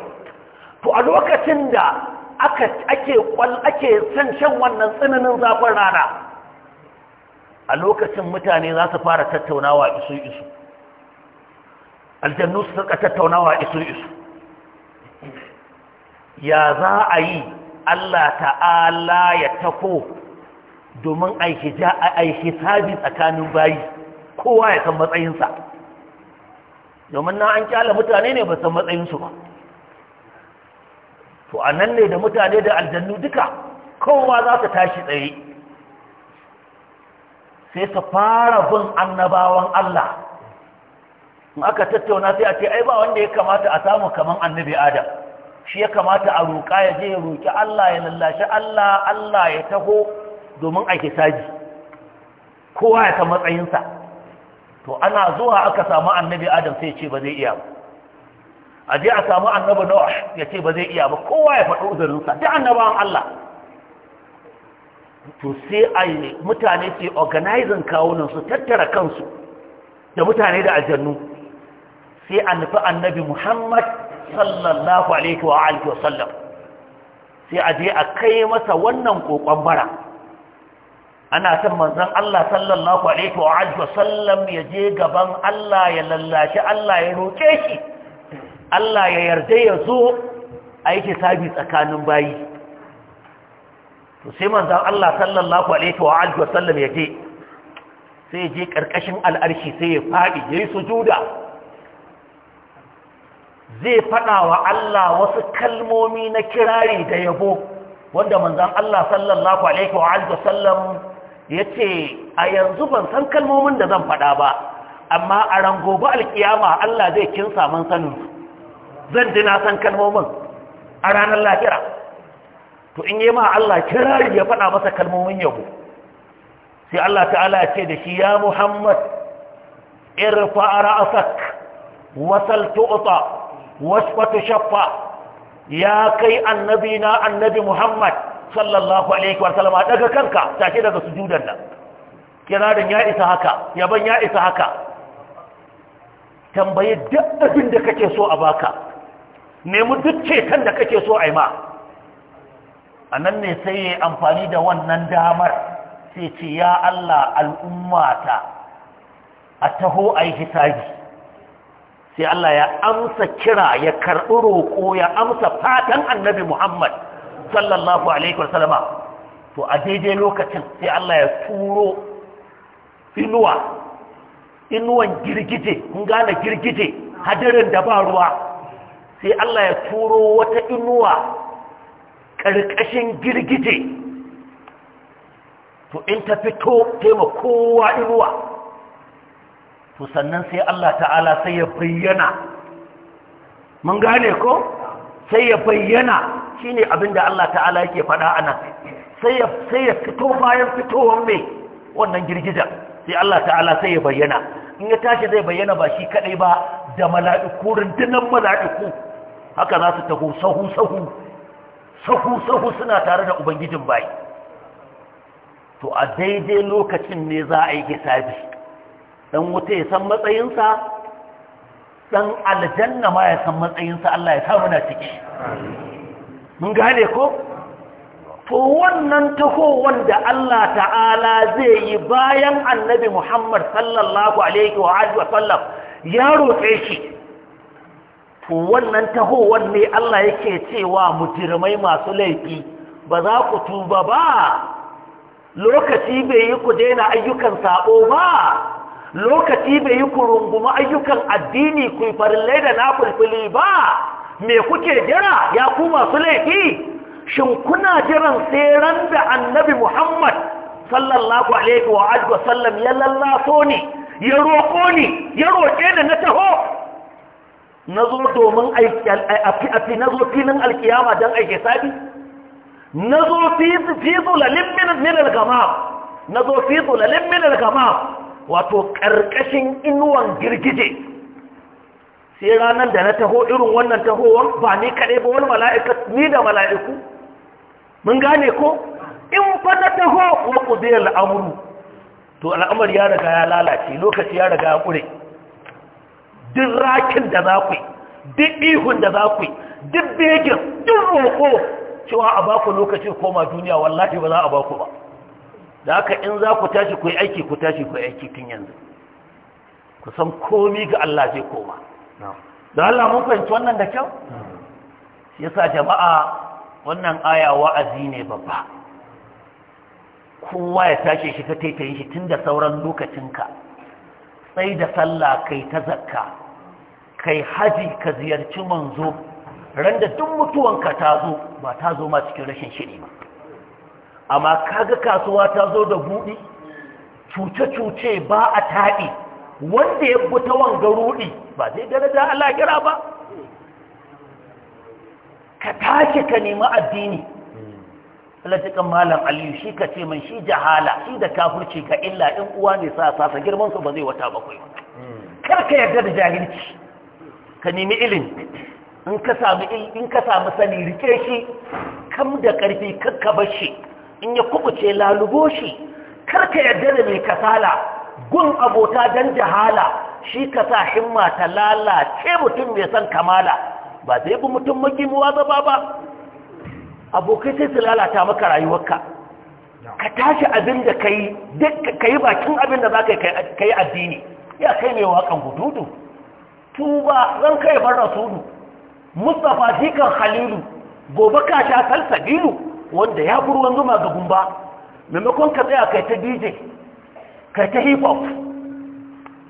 to a lokacin da ake son shan wannan tsinanin zafin rana a lokacin mutane za su fara tattaunawa isu-isu aljannu su suka tattaunawa isu-isu ya za a yi Allah ta'ala ya tafo domin aiki sabi tsakanin bayi kowa ya san matsayinsa domin na an kyala mutane ne ba san matsayinsu ba to a nan ne da mutane da aljannu duka kowa za su tashi tsaye sai su fara bin annabawan Allah in aka tattauna sai a ce ai ba wanda ya kamata a samu kaman annabi adam shi ya kamata a roƙa ya je ya roƙi Allah ya lallashi Allah Allah ya taho domin a saji. kowa ya san matsayinsa to ana zuwa aka samu annabi adam sai ce ba zai iya ba a je a samu annabi Nuh ya ce ba zai iya ba kowa ya faɗi uzurinsa duk annabawan Allah to sai ai mutane ke organizing kawunan su tattara kansu da mutane da aljannu sai an nufi annabi Muhammad sallallahu alaihi wa alihi wasallam sai a je a kai masa wannan kokon bara ana san manzon Allah sallallahu alaihi wa alihi wasallam ya je gaban Allah ya lallashi Allah ya roke shi Allah ya yarda ya zo a yake hisabi tsakanin bayi to sai manzan Allah sallallahu alaihi wa alihi wa sallam ya je sai ya je karkashin al'arshi sai ya faɗi ya yi sujuda zai fada wa Allah wasu kalmomi na kirari da yabo wanda manzan Allah sallallahu alaihi wa alihi wa sallam ya ce a yanzu ban san kalmomin da zan faɗa ba amma a rangoba alkiyama Allah zai kinsa man sanin zan dina san kalmomin a ranar lahira to in yi ma Allah kirari ya faɗa masa kalmomin yabo sai Allah ta'ala ya ce da shi ya Muhammad irfa ra'asak wasal tu'ta Wasfatu-Shaffa, ya kai annabi na annabi Muhammad sallallahu alaihi wa sallam daga kanka take daga sujudan nan kirarin ya isa haka yaban ya isa haka tambayi duk abin da kake so a baka nemi duk ceton da kake so a yi ma a nan ne sai ya amfani da wannan damar sai ce ya Allah al'ummata a taho a yi hisabi sai Allah ya amsa kira ya karɓi roƙo ya amsa fatan annabi Muhammad sallallahu alaihi wasallama to a daidai lokacin sai Allah ya turo inuwa inuwan girgije in gane girgije hadirin da ba ruwa sai Allah ya turo wata inuwa ƙarƙashin girgije to in ta fito taima kowa inuwa to sannan sai Allah ta'ala sai ya bayyana mun gane ko sai ya bayyana shine abinda Allah ta'ala yake faɗa ana sai ya fito bayan fitowar mai wannan girgijar sai Allah ta'ala sai ya bayyana in ya tashi zai bayyana ba shi kadai ba da mala'iku rundunan mala'iku haka za su taho sahu sahu sahu sahu suna tare da ubangijin bai to a daidai lokacin ne za a yi hisabi dan wuta ya san matsayinsa dan aljanna ma ya san matsayinsa Allah ya sa muna ciki mun gane ko to wannan tahowar da Allah ta'ala zai yi bayan annabi Muhammad sallallahu alaihi wa alihi wa sallam ya roƙe shi to wannan tahowar ne Allah yake cewa mujirmai masu laifi ba za ku tuba ba lokaci bai yi ku daina ayyukan sabo ba lokaci bai yi ku rungumi ayyukan addini ku farin da na ba me kuke jira ya ku masu laifi shin kuna jiran tseren da annabi muhammad sallallahu alaihi wa ajiyar wasallam ya lallaso ne ya roƙo ne ya roƙe da na taho na zo domin aiki-aiki na zo filin alkiyama don aike sabi na zo fi zulalin minar gama na zo fi zulalin minar gama wato ƙarƙashin inuwan girgije sai ranar da na taho irin wannan tahowar ba ni kaɗai ba wani mala'ika ni da mala'iku mun gane ko in fata ho wa qudiyal al'amuru? to al'amur ya daga ya lalace lokaci ya daga ya ƙure duk rakin da za ku yi duk ihun da za ku yi duk begin duk roƙo cewa a baku lokaci koma duniya wallahi ba za a baku ba da haka in za ku tashi ku yi aiki ku tashi ku yi aiki tun yanzu ku san komi ga Allah zai koma da Allah mun fahimci wannan da kyau hmm. yasa jama'a wannan aya wa'azi ne babba kowa ya tashi shi ta taitayin shi tun da sauran lokacinka sai da sallah kai ta zakka kai haji ka ziyarci manzo ran da duk mutuwanka ta zo ba ta zo ma cikin rashin shiri ba amma kaga kasuwa ta zo da buɗi cuce-cuce ba a taɗi wanda ya buta wanga ruɗi ba zai daraja Allah kira ba ka tashi ka nemi addini latikan malam aliyu shi ka ce man shi jahala shi da kafurci ka illa in uwa ne sa sasa girman su ba zai wata bakwai ba kar ka yarda da jahilci ka nemi ilimi in ka samu in ka samu sani rike shi kam da karfi ka bar shi in ya kubuce lalubo shi kar ka yarda da mai kasala gun abota dan jahala shi ka sa himma ta lalace mutum mai san kamala ba sai bi mutum maki muwazaba ba abokai sai su lalata maka rayuwarka ka tashi abin da ka yi duk ka yi bakin abin da za ka yi addini ya kai ne wakan hududu tuba zan kai bar rasulu mustafa jikan halilu gobe ka sha salsabilu wanda ya fi ruwan zuma ga gumba maimakon ka tsaya kai ta dj kai ta hip hop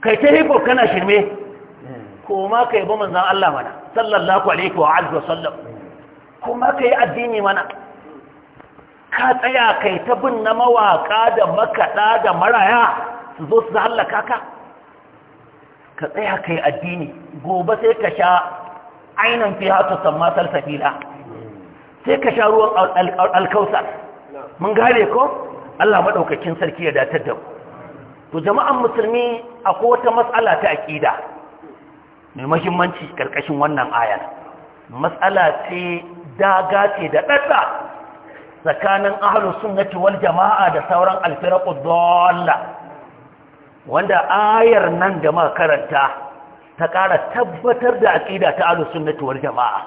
kai ta hip hop kana shirme hmm. ko ma kai ba manzan allah mana sallallahu alaihi wa alihi wasallam kuma kai addini mana ka tsaya kai ta bin na mawaka da makaɗa da maraya su zo su hallaka ka ka tsaya kai addini gobe sai ka sha ainihin fi samma salsafila sai ka sha ruwan alkausar mun gane ko Allah maɗaukakin sarki ya datar da ku jama'an musulmi akwai wata matsala ta aƙida mai mahimmanci ƙarƙashin wannan ayar matsala ce daga ce da ɗaɗa tsakanin ahalus sunnati wal jama'a da sauran alfiraku dola wanda ayar nan da ma karanta ta ƙara tabbatar da aƙida ta ahlus sunnati wal jama'a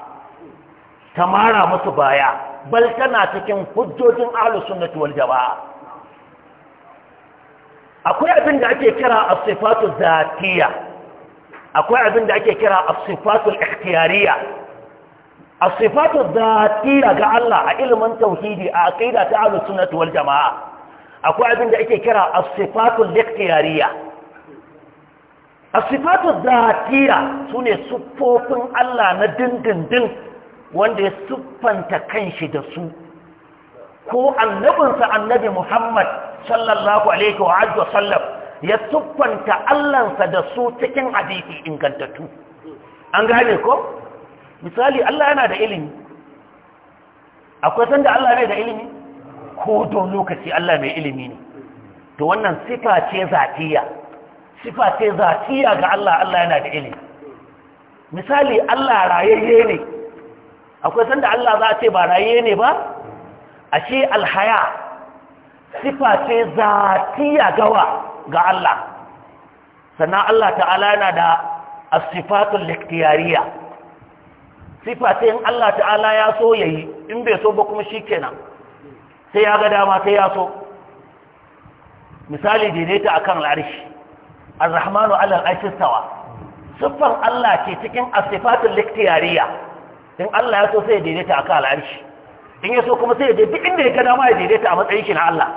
ta mara musu baya bal tana cikin hujjojin ahlus sunnati wal jama'a akwai abin da ake kira a sifatu zatiyya akwai abin da ake kira asifatul ikhtiyariya asifatul dhatiya ga Allah a ilimin tauhidi a aqida ta ahlus sunnah wal jamaa akwai abin da ake kira asifatul ikhtiyariya asifatul dhatiya sune siffofin Allah na dindindin wanda ya siffanta kanshi da su ko annabinsa annabi Muhammad sallallahu alaihi wa sallam ya tuffanta allahnsa da su cikin hadisi ingantattu an gane ko misali Allah yana da ilimi akwai sanda Allah ne da ilimi ko don lokaci Allah mai ilimi ne to wannan sifa ce zatiya sifa ce zatiya ga Allah Allah yana da ilimi misali Allah rayayye ne akwai sanda Allah za a ce ba rayayye ne ba ashe alhaya sifa ce zatiya gawa ga Allah sannan Allah ta'ala yana da asifatul liktiyariya sifa ce in Allah ta'ala ya so yayi in bai so ba kuma shikenan sai ya ga dama sai ya so misali daidaita akan al'arshi ar-rahmanu 'ala al'arshi siffar Allah ke cikin asifatun liktiyariya in Allah ya so sai daidaita akan al'arshi in yaso kuma sai ya je duk inda ya ga dama ya daidaita a matsayin shi na Allah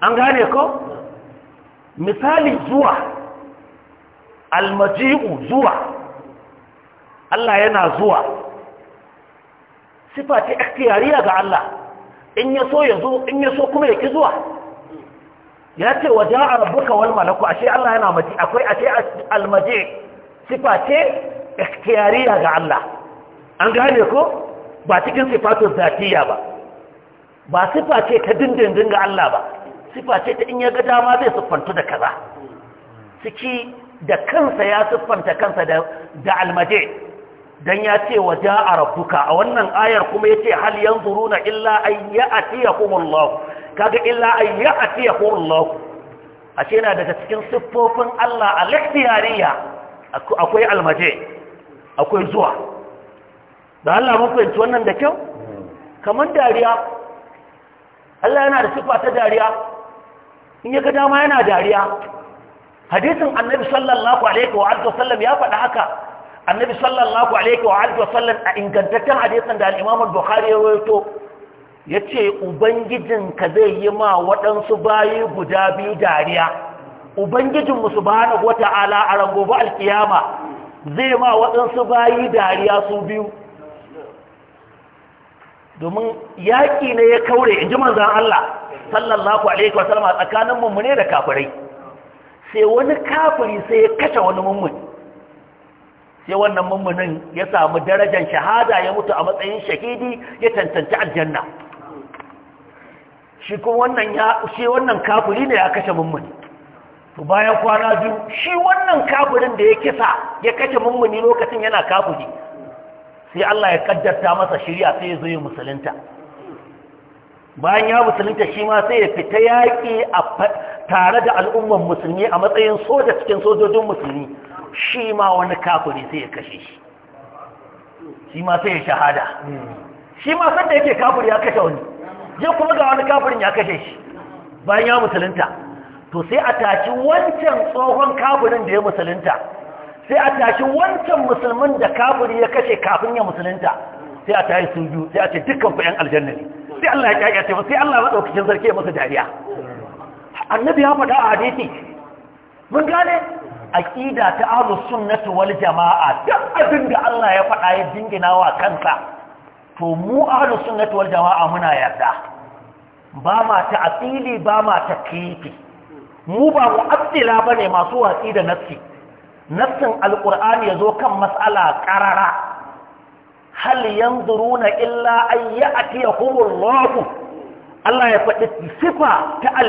an gane ko misali zuwa almaji'u zuwa Allah yana zuwa sifa ta ikhtiyariya ga Allah in yaso ya zo in yaso kuma ya ki zuwa ya ce wa ja'a rabbuka wal malaku ashe Allah yana maji akwai ashe almaji sifa ce ikhtiyariya ga Allah an gane ko ba cikin sifatun zatiya ba ba sifa ce ta dindindin ga Allah ba sifa ce ta in ya ga dama zai siffantu da kaza ciki da kansa ya siffanta kansa da almaje don ya ce wa a rabbuka a wannan ayar kuma ya ce hal runa illa an Allah kaga illa an a ashe na daga cikin siffofin Allah a ikhtiyariya akwai almaje akwai zuwa da Allah mun fahimci wannan da kyau kamar dariya Allah yana da sifa ta dariya in ya ga dama yana dariya hadisin annabi sallallahu alaihi wa alihi wasallam ya faɗa haka annabi sallallahu alaihi wa alihi wasallam a ingantaccen hadisin da al-Imam al-Bukhari ya rawaito yace ka zai yi ma waɗansu bayi guda biyu dariya ubangijin Ubangijinmu subhanahu wata'ala a rangoba alkiyama zai ma waɗansu bayi dariya su biyu domin yaƙi ne ya kaure in ji manzan Allah sallallahu alaihi wasallam a tsakanin mummune da kafirai sai wani kafiri sai ya kashe wani mummun sai wannan mummunin ya samu darajar shahada ya mutu a matsayin shahidi ya tantance aljanna shi kuma wannan ya shi wannan kafiri ne ya kashe mummun to bayan kwana biyu shi wannan kafirin da ya kisa ya kashe mummuni lokacin yana kafiri sai Allah ya kaddarta masa shirya sai ya zo ya musulunta bayan ya musulunta shi ma sai ya fita yaƙi tare da al'umman musulmi a matsayin soja cikin sojojin musulmi shi ma wani kafiri sai ya kashe shi shi ma sai ya shahada shi ma sanda yake kafiri ya kashe wani je kuma ga wani kafirin ya kashe shi bayan ya musulunta to sai a tashi wancan tsohon kafirin da ya musulunta sai a tashi wancan musulmin da kafiri ya kashe kafin ya musulunta sai a tashi su biyu sai a ce dukkan fayan yan aljanna ne sai Allah ya kyakyace ba sai Allah madaukakin sarki ya masa dariya annabi ya faɗa a hadisi mun gane aqida ta ahlu sunnati wal jamaa duk abin da Allah ya faɗa ya dingina wa kansa to mu ahlu sunnati wal jamaa muna yarda ba ma ta asili ba ma ta kifi mu ba mu abdila bane masu watsi da nafsi nassin ya yazo kan matsala ƙarara hal yanzuruna illa an ya'tiyahumullahu Allah ya faɗi sifa ta al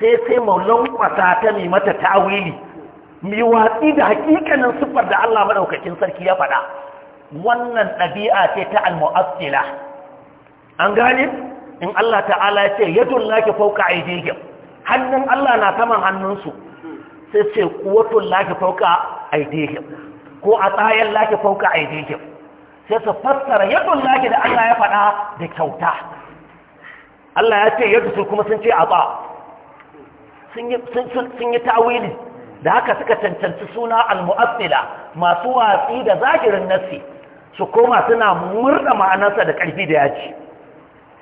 sai sai maulan kwata ta mai mata ta'awili mai watsi da hakikanin siffar da Allah maɗaukacin sarki ya faɗa wannan ɗabi'a ce ta al-mu'assila an gane in Allah ta'ala ya ce yadun laki fauka aidihim hannun Allah na saman hannunsu sai ce kuwatun laki fauka ko a tsayen laki fauka a aidihim sai su fassara yadda laki da Allah ya faɗa da kyauta Allah ya ce yadda su kuma sun ce a ba sun yi ta'awili da haka suka cancanci suna al-mu'assila masu watsi da zahirin nassi su koma suna murda ma'anarsa da ƙarfi da yaji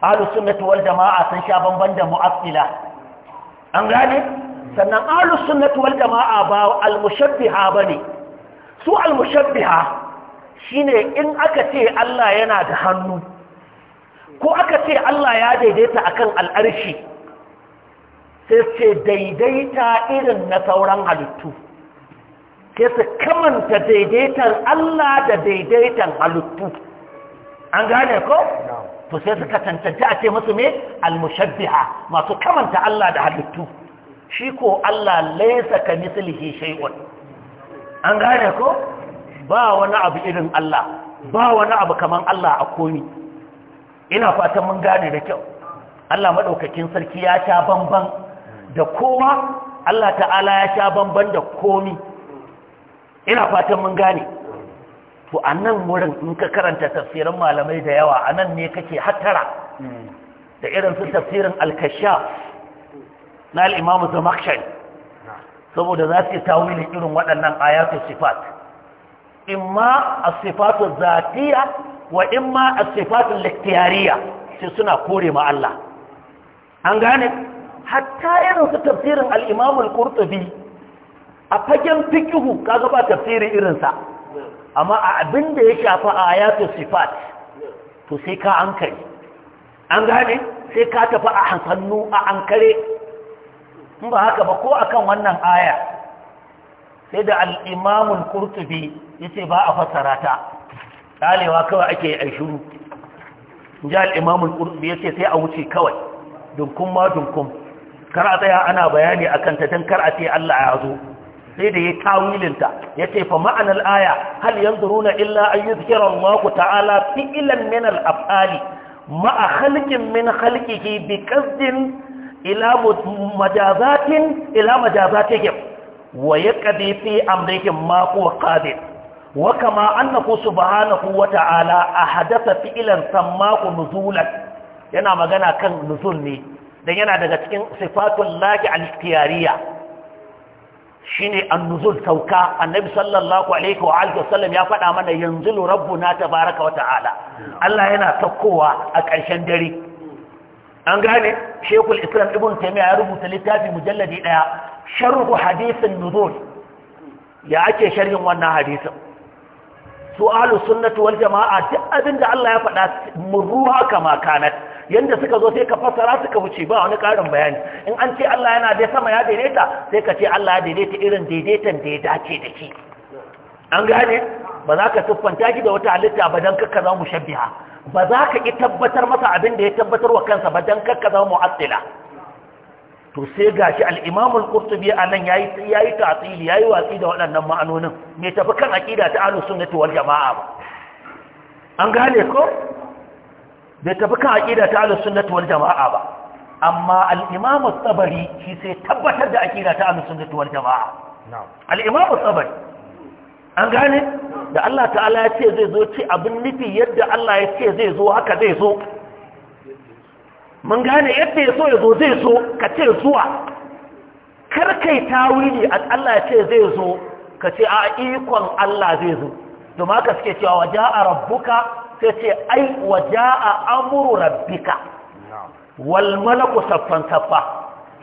ahlus sunnati wal jama'a sun sha bamban da mu'assila an gane sannan ahlus sunnati wal jama'a ba al-mushabbiha bane su al-mushabbiha shine in aka ce Allah yana da hannu ko aka ce Allah ya daidaita akan al'arshi sai ce daidaita irin na sauran halittu sai su kamanta daidaitan Allah da daidaitan halittu an gane ko? to sai su katancanci a ce musu me al-mushabbiha masu kamanta Allah da halittu shi ko Allah laisa ka mislihi shay'un an gane ko ba wani abu irin Allah ba wani abu kaman Allah a komi ina fatan mun gane da kyau Allah madaukakin sarki ya sha bamban da kowa Allah ta'ala ya sha bamban da komi ina fatan mun gane to a nan wurin in ka karanta tafsirin malamai da yawa a nan ne kake hattara hmm. da irin su tafsirin al-kashaf na al'imamu zamakshari saboda za su yi tawilin irin waɗannan ayatun sifat imma a sifatun zatiya wa imma a sifatun laktiyariya sai suna kore ma Allah an gane hatta irin su tafsirin alimamun kurtubi a fagen fikihu ka ba tafsirin irinsa amma a abin da ya shafa a ayatun sifat to sai ka an kai an gane sai ka tafi a hansannu a ankare in ba haka ba ko akan wannan aya sai da al'imamun kurtubi ya ce ba a fassara ta ɗalewa kawai ake yi a shuru ji al'imamun kurtubi ya ce sai a wuce kawai dunkun ma dunkun kar a tsaya ana bayani a kanta don kar a ce Allah ya zo sai da ya tawilinta ya ce fa ma'anar aya hal yanzu runa illa an yi zikirar maku ta'ala fi ilan min Ma a halkin min halkihi bi kasdin ila majazatin ila majazatihim wa yaqdi fi amrihim ma huwa qadir wa kama annahu subhanahu wa ta'ala ahadatha fi'lan sammaku nuzulan yana magana kan nuzul ne dan yana daga cikin sifatul laki al-ikhtiyariya shine an-nuzul sauka annabi sallallahu alaihi wa alihi wasallam ya faɗa mana yanzu rabbuna tabaaraka wa ta'ala Allah yana taukowa a ƙarshen dare an gane shekul islam ibn taimiyya ya rubuta littafi mujalladi daya sharhu hadisin nuzul ya ake sharhin wannan hadisin su ahlu sunnatu wal jama'a duk abin da Allah ya faɗa murruha kama kanat yanda suka zo sai ka fassara suka wuce ba wani ƙarin bayani in an ce Allah yana da sama ya daidaita sai ka ce Allah ya daidaita irin daidaitan da ya dace da ki an gane ba za ka siffanta shi da wata halitta ba dan kakka za mu shabbiha ba za ka ƙi tabbatar masa abin da ya tabbatar wa kansa ba don kakka zama mu'attila to sai gashi al kurtubi a nan ya yi yayi ya yi watsi da waɗannan ma'anonin me tafi kan aƙida ta ahlus sunnati wal jamaa ba an gane ko bai tafi kan aƙida ta ahlus sunnati wal jamaa ba amma al tsabari shi sai tabbatar da aƙida ta ahlus sunnati wal jamaa na'am al an gane da Allah ta'ala ya ce zai zo ce abin nufi yadda Allah ya ce zai zo haka zai zo mun gane yadda ya so ya zo zai so ka ce zuwa karkai tawili a Allah ya ce zai zo ka ce a ikon Allah zai zo domin haka suke cewa a rabbuka sai ce ai a amru rabbika wal malaku saffan saffa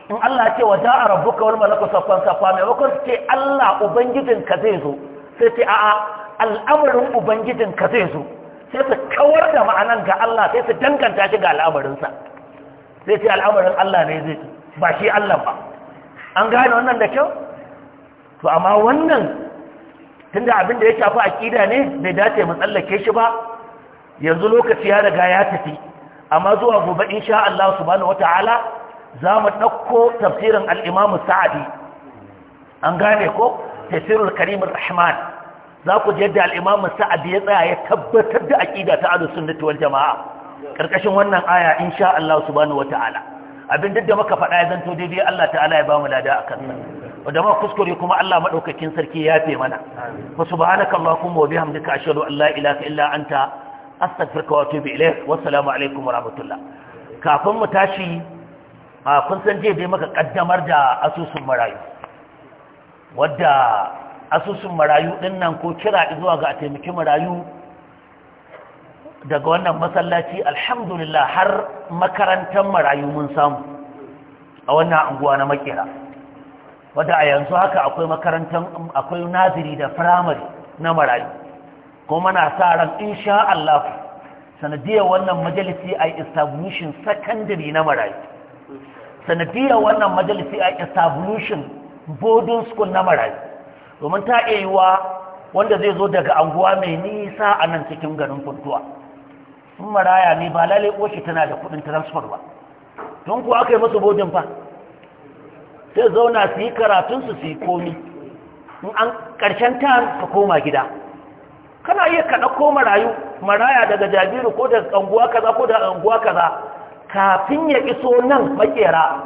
in Allah ya ce a rabbuka wal malaku saffan saffa maimakon su ce Allah ubangijinka zai zo sai sai a'a al'amarin ubangijin ka zai zo sai su kawar da ma'anan ga Allah sai su danganta shi ga al'amarinsa sai ce al'amarin Allah ne zai ba shi Allah ba an gane wannan da kyau to amma wannan tunda abin da ya shafi aƙida ne bai dace mu tsallake shi ba yanzu lokaci ya riga ya tafi amma zuwa gobe insha Allah subhanahu wataala za mu ɗauko tafsirin al-Imam Sa'di an gane ko tafsirul karim rahman za ku je da al-imam sa'adi ya tsaya ya tabbatar da aqida ta ahlus sunnati wal jamaa karkashin wannan aya insha Allah subhanahu wataala abin duk da muka faɗa ya zanto daidai Allah ta'ala ya bamu mu lada akan sa da ma kuskure kuma Allah madaukakin sarki ya fe mana fa subhanaka allahumma wa bihamdika ashhadu an la ilaha illa anta astaghfiruka wa atubu ilayk wa assalamu alaikum wa rahmatullah kafin mu tashi kun san je dai maka kaddamar da asusun marayu wadda asusun marayu ɗin nan ko kira zuwa ga a taimaki marayu daga wannan masallaci alhamdulillah har makarantar marayu mun samu a wannan anguwa na makera wadda a yanzu haka akwai makarantar akwai naziri da firamare na marayu kuma na sa ran insha Allah sanadiyar wannan majalisi a establishing secondary na marayu sanadiyar wannan majalisi a establishing boarding sukun na marayu domin ta iya wanda zai zo daga anguwa mai nisa a nan cikin garin kuntuwa. sun maraya ne ba lalai ƙoshi tana da kuɗin transfer ba don kuwa aka yi masu bodin fa sai zauna su yi karatunsu su yi komi in an ƙarshen ta ka koma gida kana iya kaɗauko marayu maraya daga jabiru ko daga anguwa kaza ko daga anguwa kaza kafin ya iso nan makera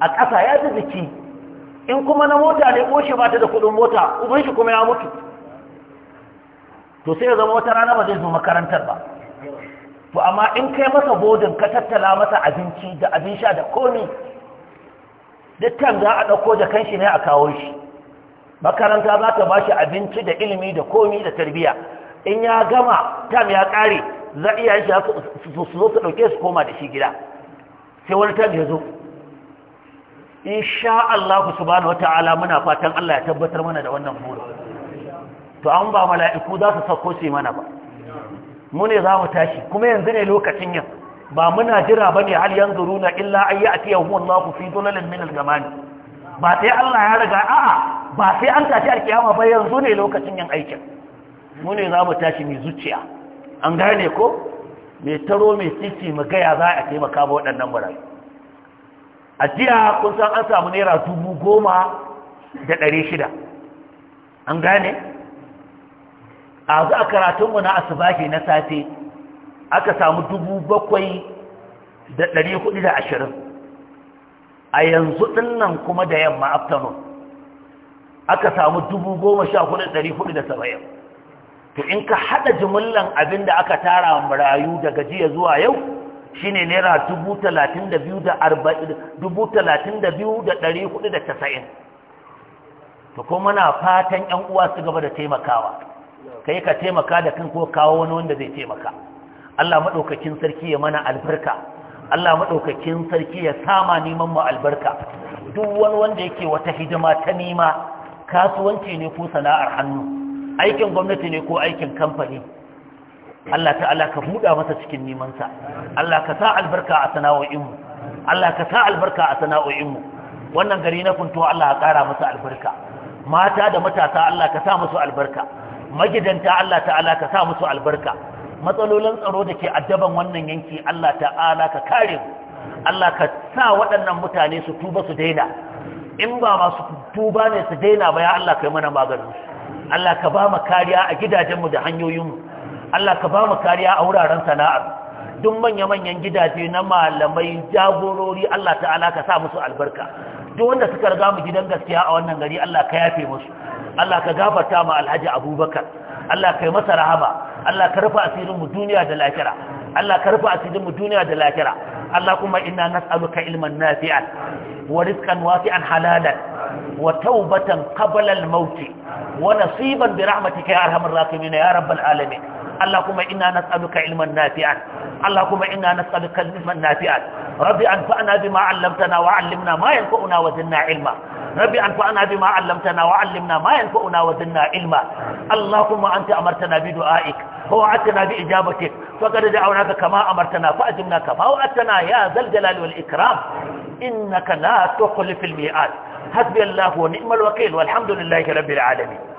a ƙasa ya ji jiki in kuma na mota ne ko shi ba da kuɗin mota uban shi kuma ya mutu to sai ya zama wata rana ba zai zo makarantar ba to amma in kai masa bodin ka tattala masa abinci da abin sha da komi dukkan za a ɗauko da kanshi ne a kawo shi makaranta za ta ba abinci da ilimi da komi da tarbiyya in ya gama tam ya ƙare za iya shi su zo su ɗauke su koma da shi gida sai wani tam ya zo insha Allah subhanahu wataala muna fatan Allah ya tabbatar mana da wannan burin to an ba mala'iku za su sako su mana ba mu ne za mu tashi kuma yanzu ne lokacin yin ba muna jira ba ne hal yanzu runa illa an yi a tiya huwan laku fi dolalin minal gamani ba sai Allah ya riga a'a ba sai an tashi alkiyama ba yanzu ne lokacin yin aikin mu ne za mu tashi mai zuciya an gane ko mai taro mai titi mu gaya za a taimaka ba waɗannan barayi a jiya kun san an samu naira dubu goma da ɗari shida an gane a za a karatunmu na asibahi na safe aka samu dubu bakwai da ɗari hudu da ashirin a yanzu ɗinnan kuma da yamma afternoon aka samu dubu goma sha hudu da ɗari hudu da saba'in to in ka haɗa jimillan abin da aka tara marayu daga jiya zuwa yau shine naira dubu talatin da biyu da arba'in dubu talatin da biyu da ɗari hudu da tasa'in to ko muna fatan yan uwa su gaba da taimakawa kai ka taimaka da kan ko kawo wani wanda zai taimaka Allah maɗaukakin sarki ya mana albarka Allah maɗaukakin sarki ya sama neman mu albarka duk wani wanda yake wata hidima ta nima kasuwanci ne ko sana'ar hannu aikin gwamnati ne ko aikin kamfani Allah ta'ala ka buɗa masa cikin nimansa. Allah ka sa albarka a sana'o'inmu Allah ka sa albarka a sana'o'inmu wannan gari na kuntuwa Allah ya ƙara masa albarka mata da matasa Allah ka sa musu albarka magidanta Allah ta'ala ka sa musu albarka matsalolin tsaro da ke addaban wannan yanki Allah ta'ala ka kare mu Allah ka sa waɗannan mutane su tuba su daina in ba masu tuba ne su daina ba ya Allah ka yi mana maganin Allah ka ba mu kariya a gidajenmu da hanyoyinmu Allah ka ba mu kariya a wuraren sana'ar duk manya-manyan gidaje na malamai jagorori Allah ta'ala ka sa musu albarka duk wanda suka riga mu gidan gaskiya a wannan gari Allah ka yafe musu Allah ka gafarta ma Alhaji Abubakar Allah ka yi masa rahama Allah ka rufe asirin mu duniya da lafiya Allah ka rufe asirin mu duniya da lafiya Allah kuma inna nas'aluka ilman nafi'an wa rizqan wasi'an halalan وتوبة قبل الموت ونصيبا برحمتك يا arhamar الراحمين يا رب العالمين Allah kuma ina nas'aluka ilman nafi'a Allah kuma ina nas'aluka ilman nafi'a rabbi anfa'na bima 'allamtana wa 'allimna ma yanfa'una wa zidna 'ilma rabbi anfa'na bima 'allamtana wa 'allimna ma yanfa'una wa zidna 'ilma Allahumma anta amartana bi du'a'ik wa wa'adtana bi ijabatik faqad da'awnaka kama amartana fa'ajibna kama wa'adtana ya dhal jalali wal ikram innaka la tukhlifu al mi'ad hasbi Allahu wa ni'mal wakeel walhamdulillahi rabbil 'alamin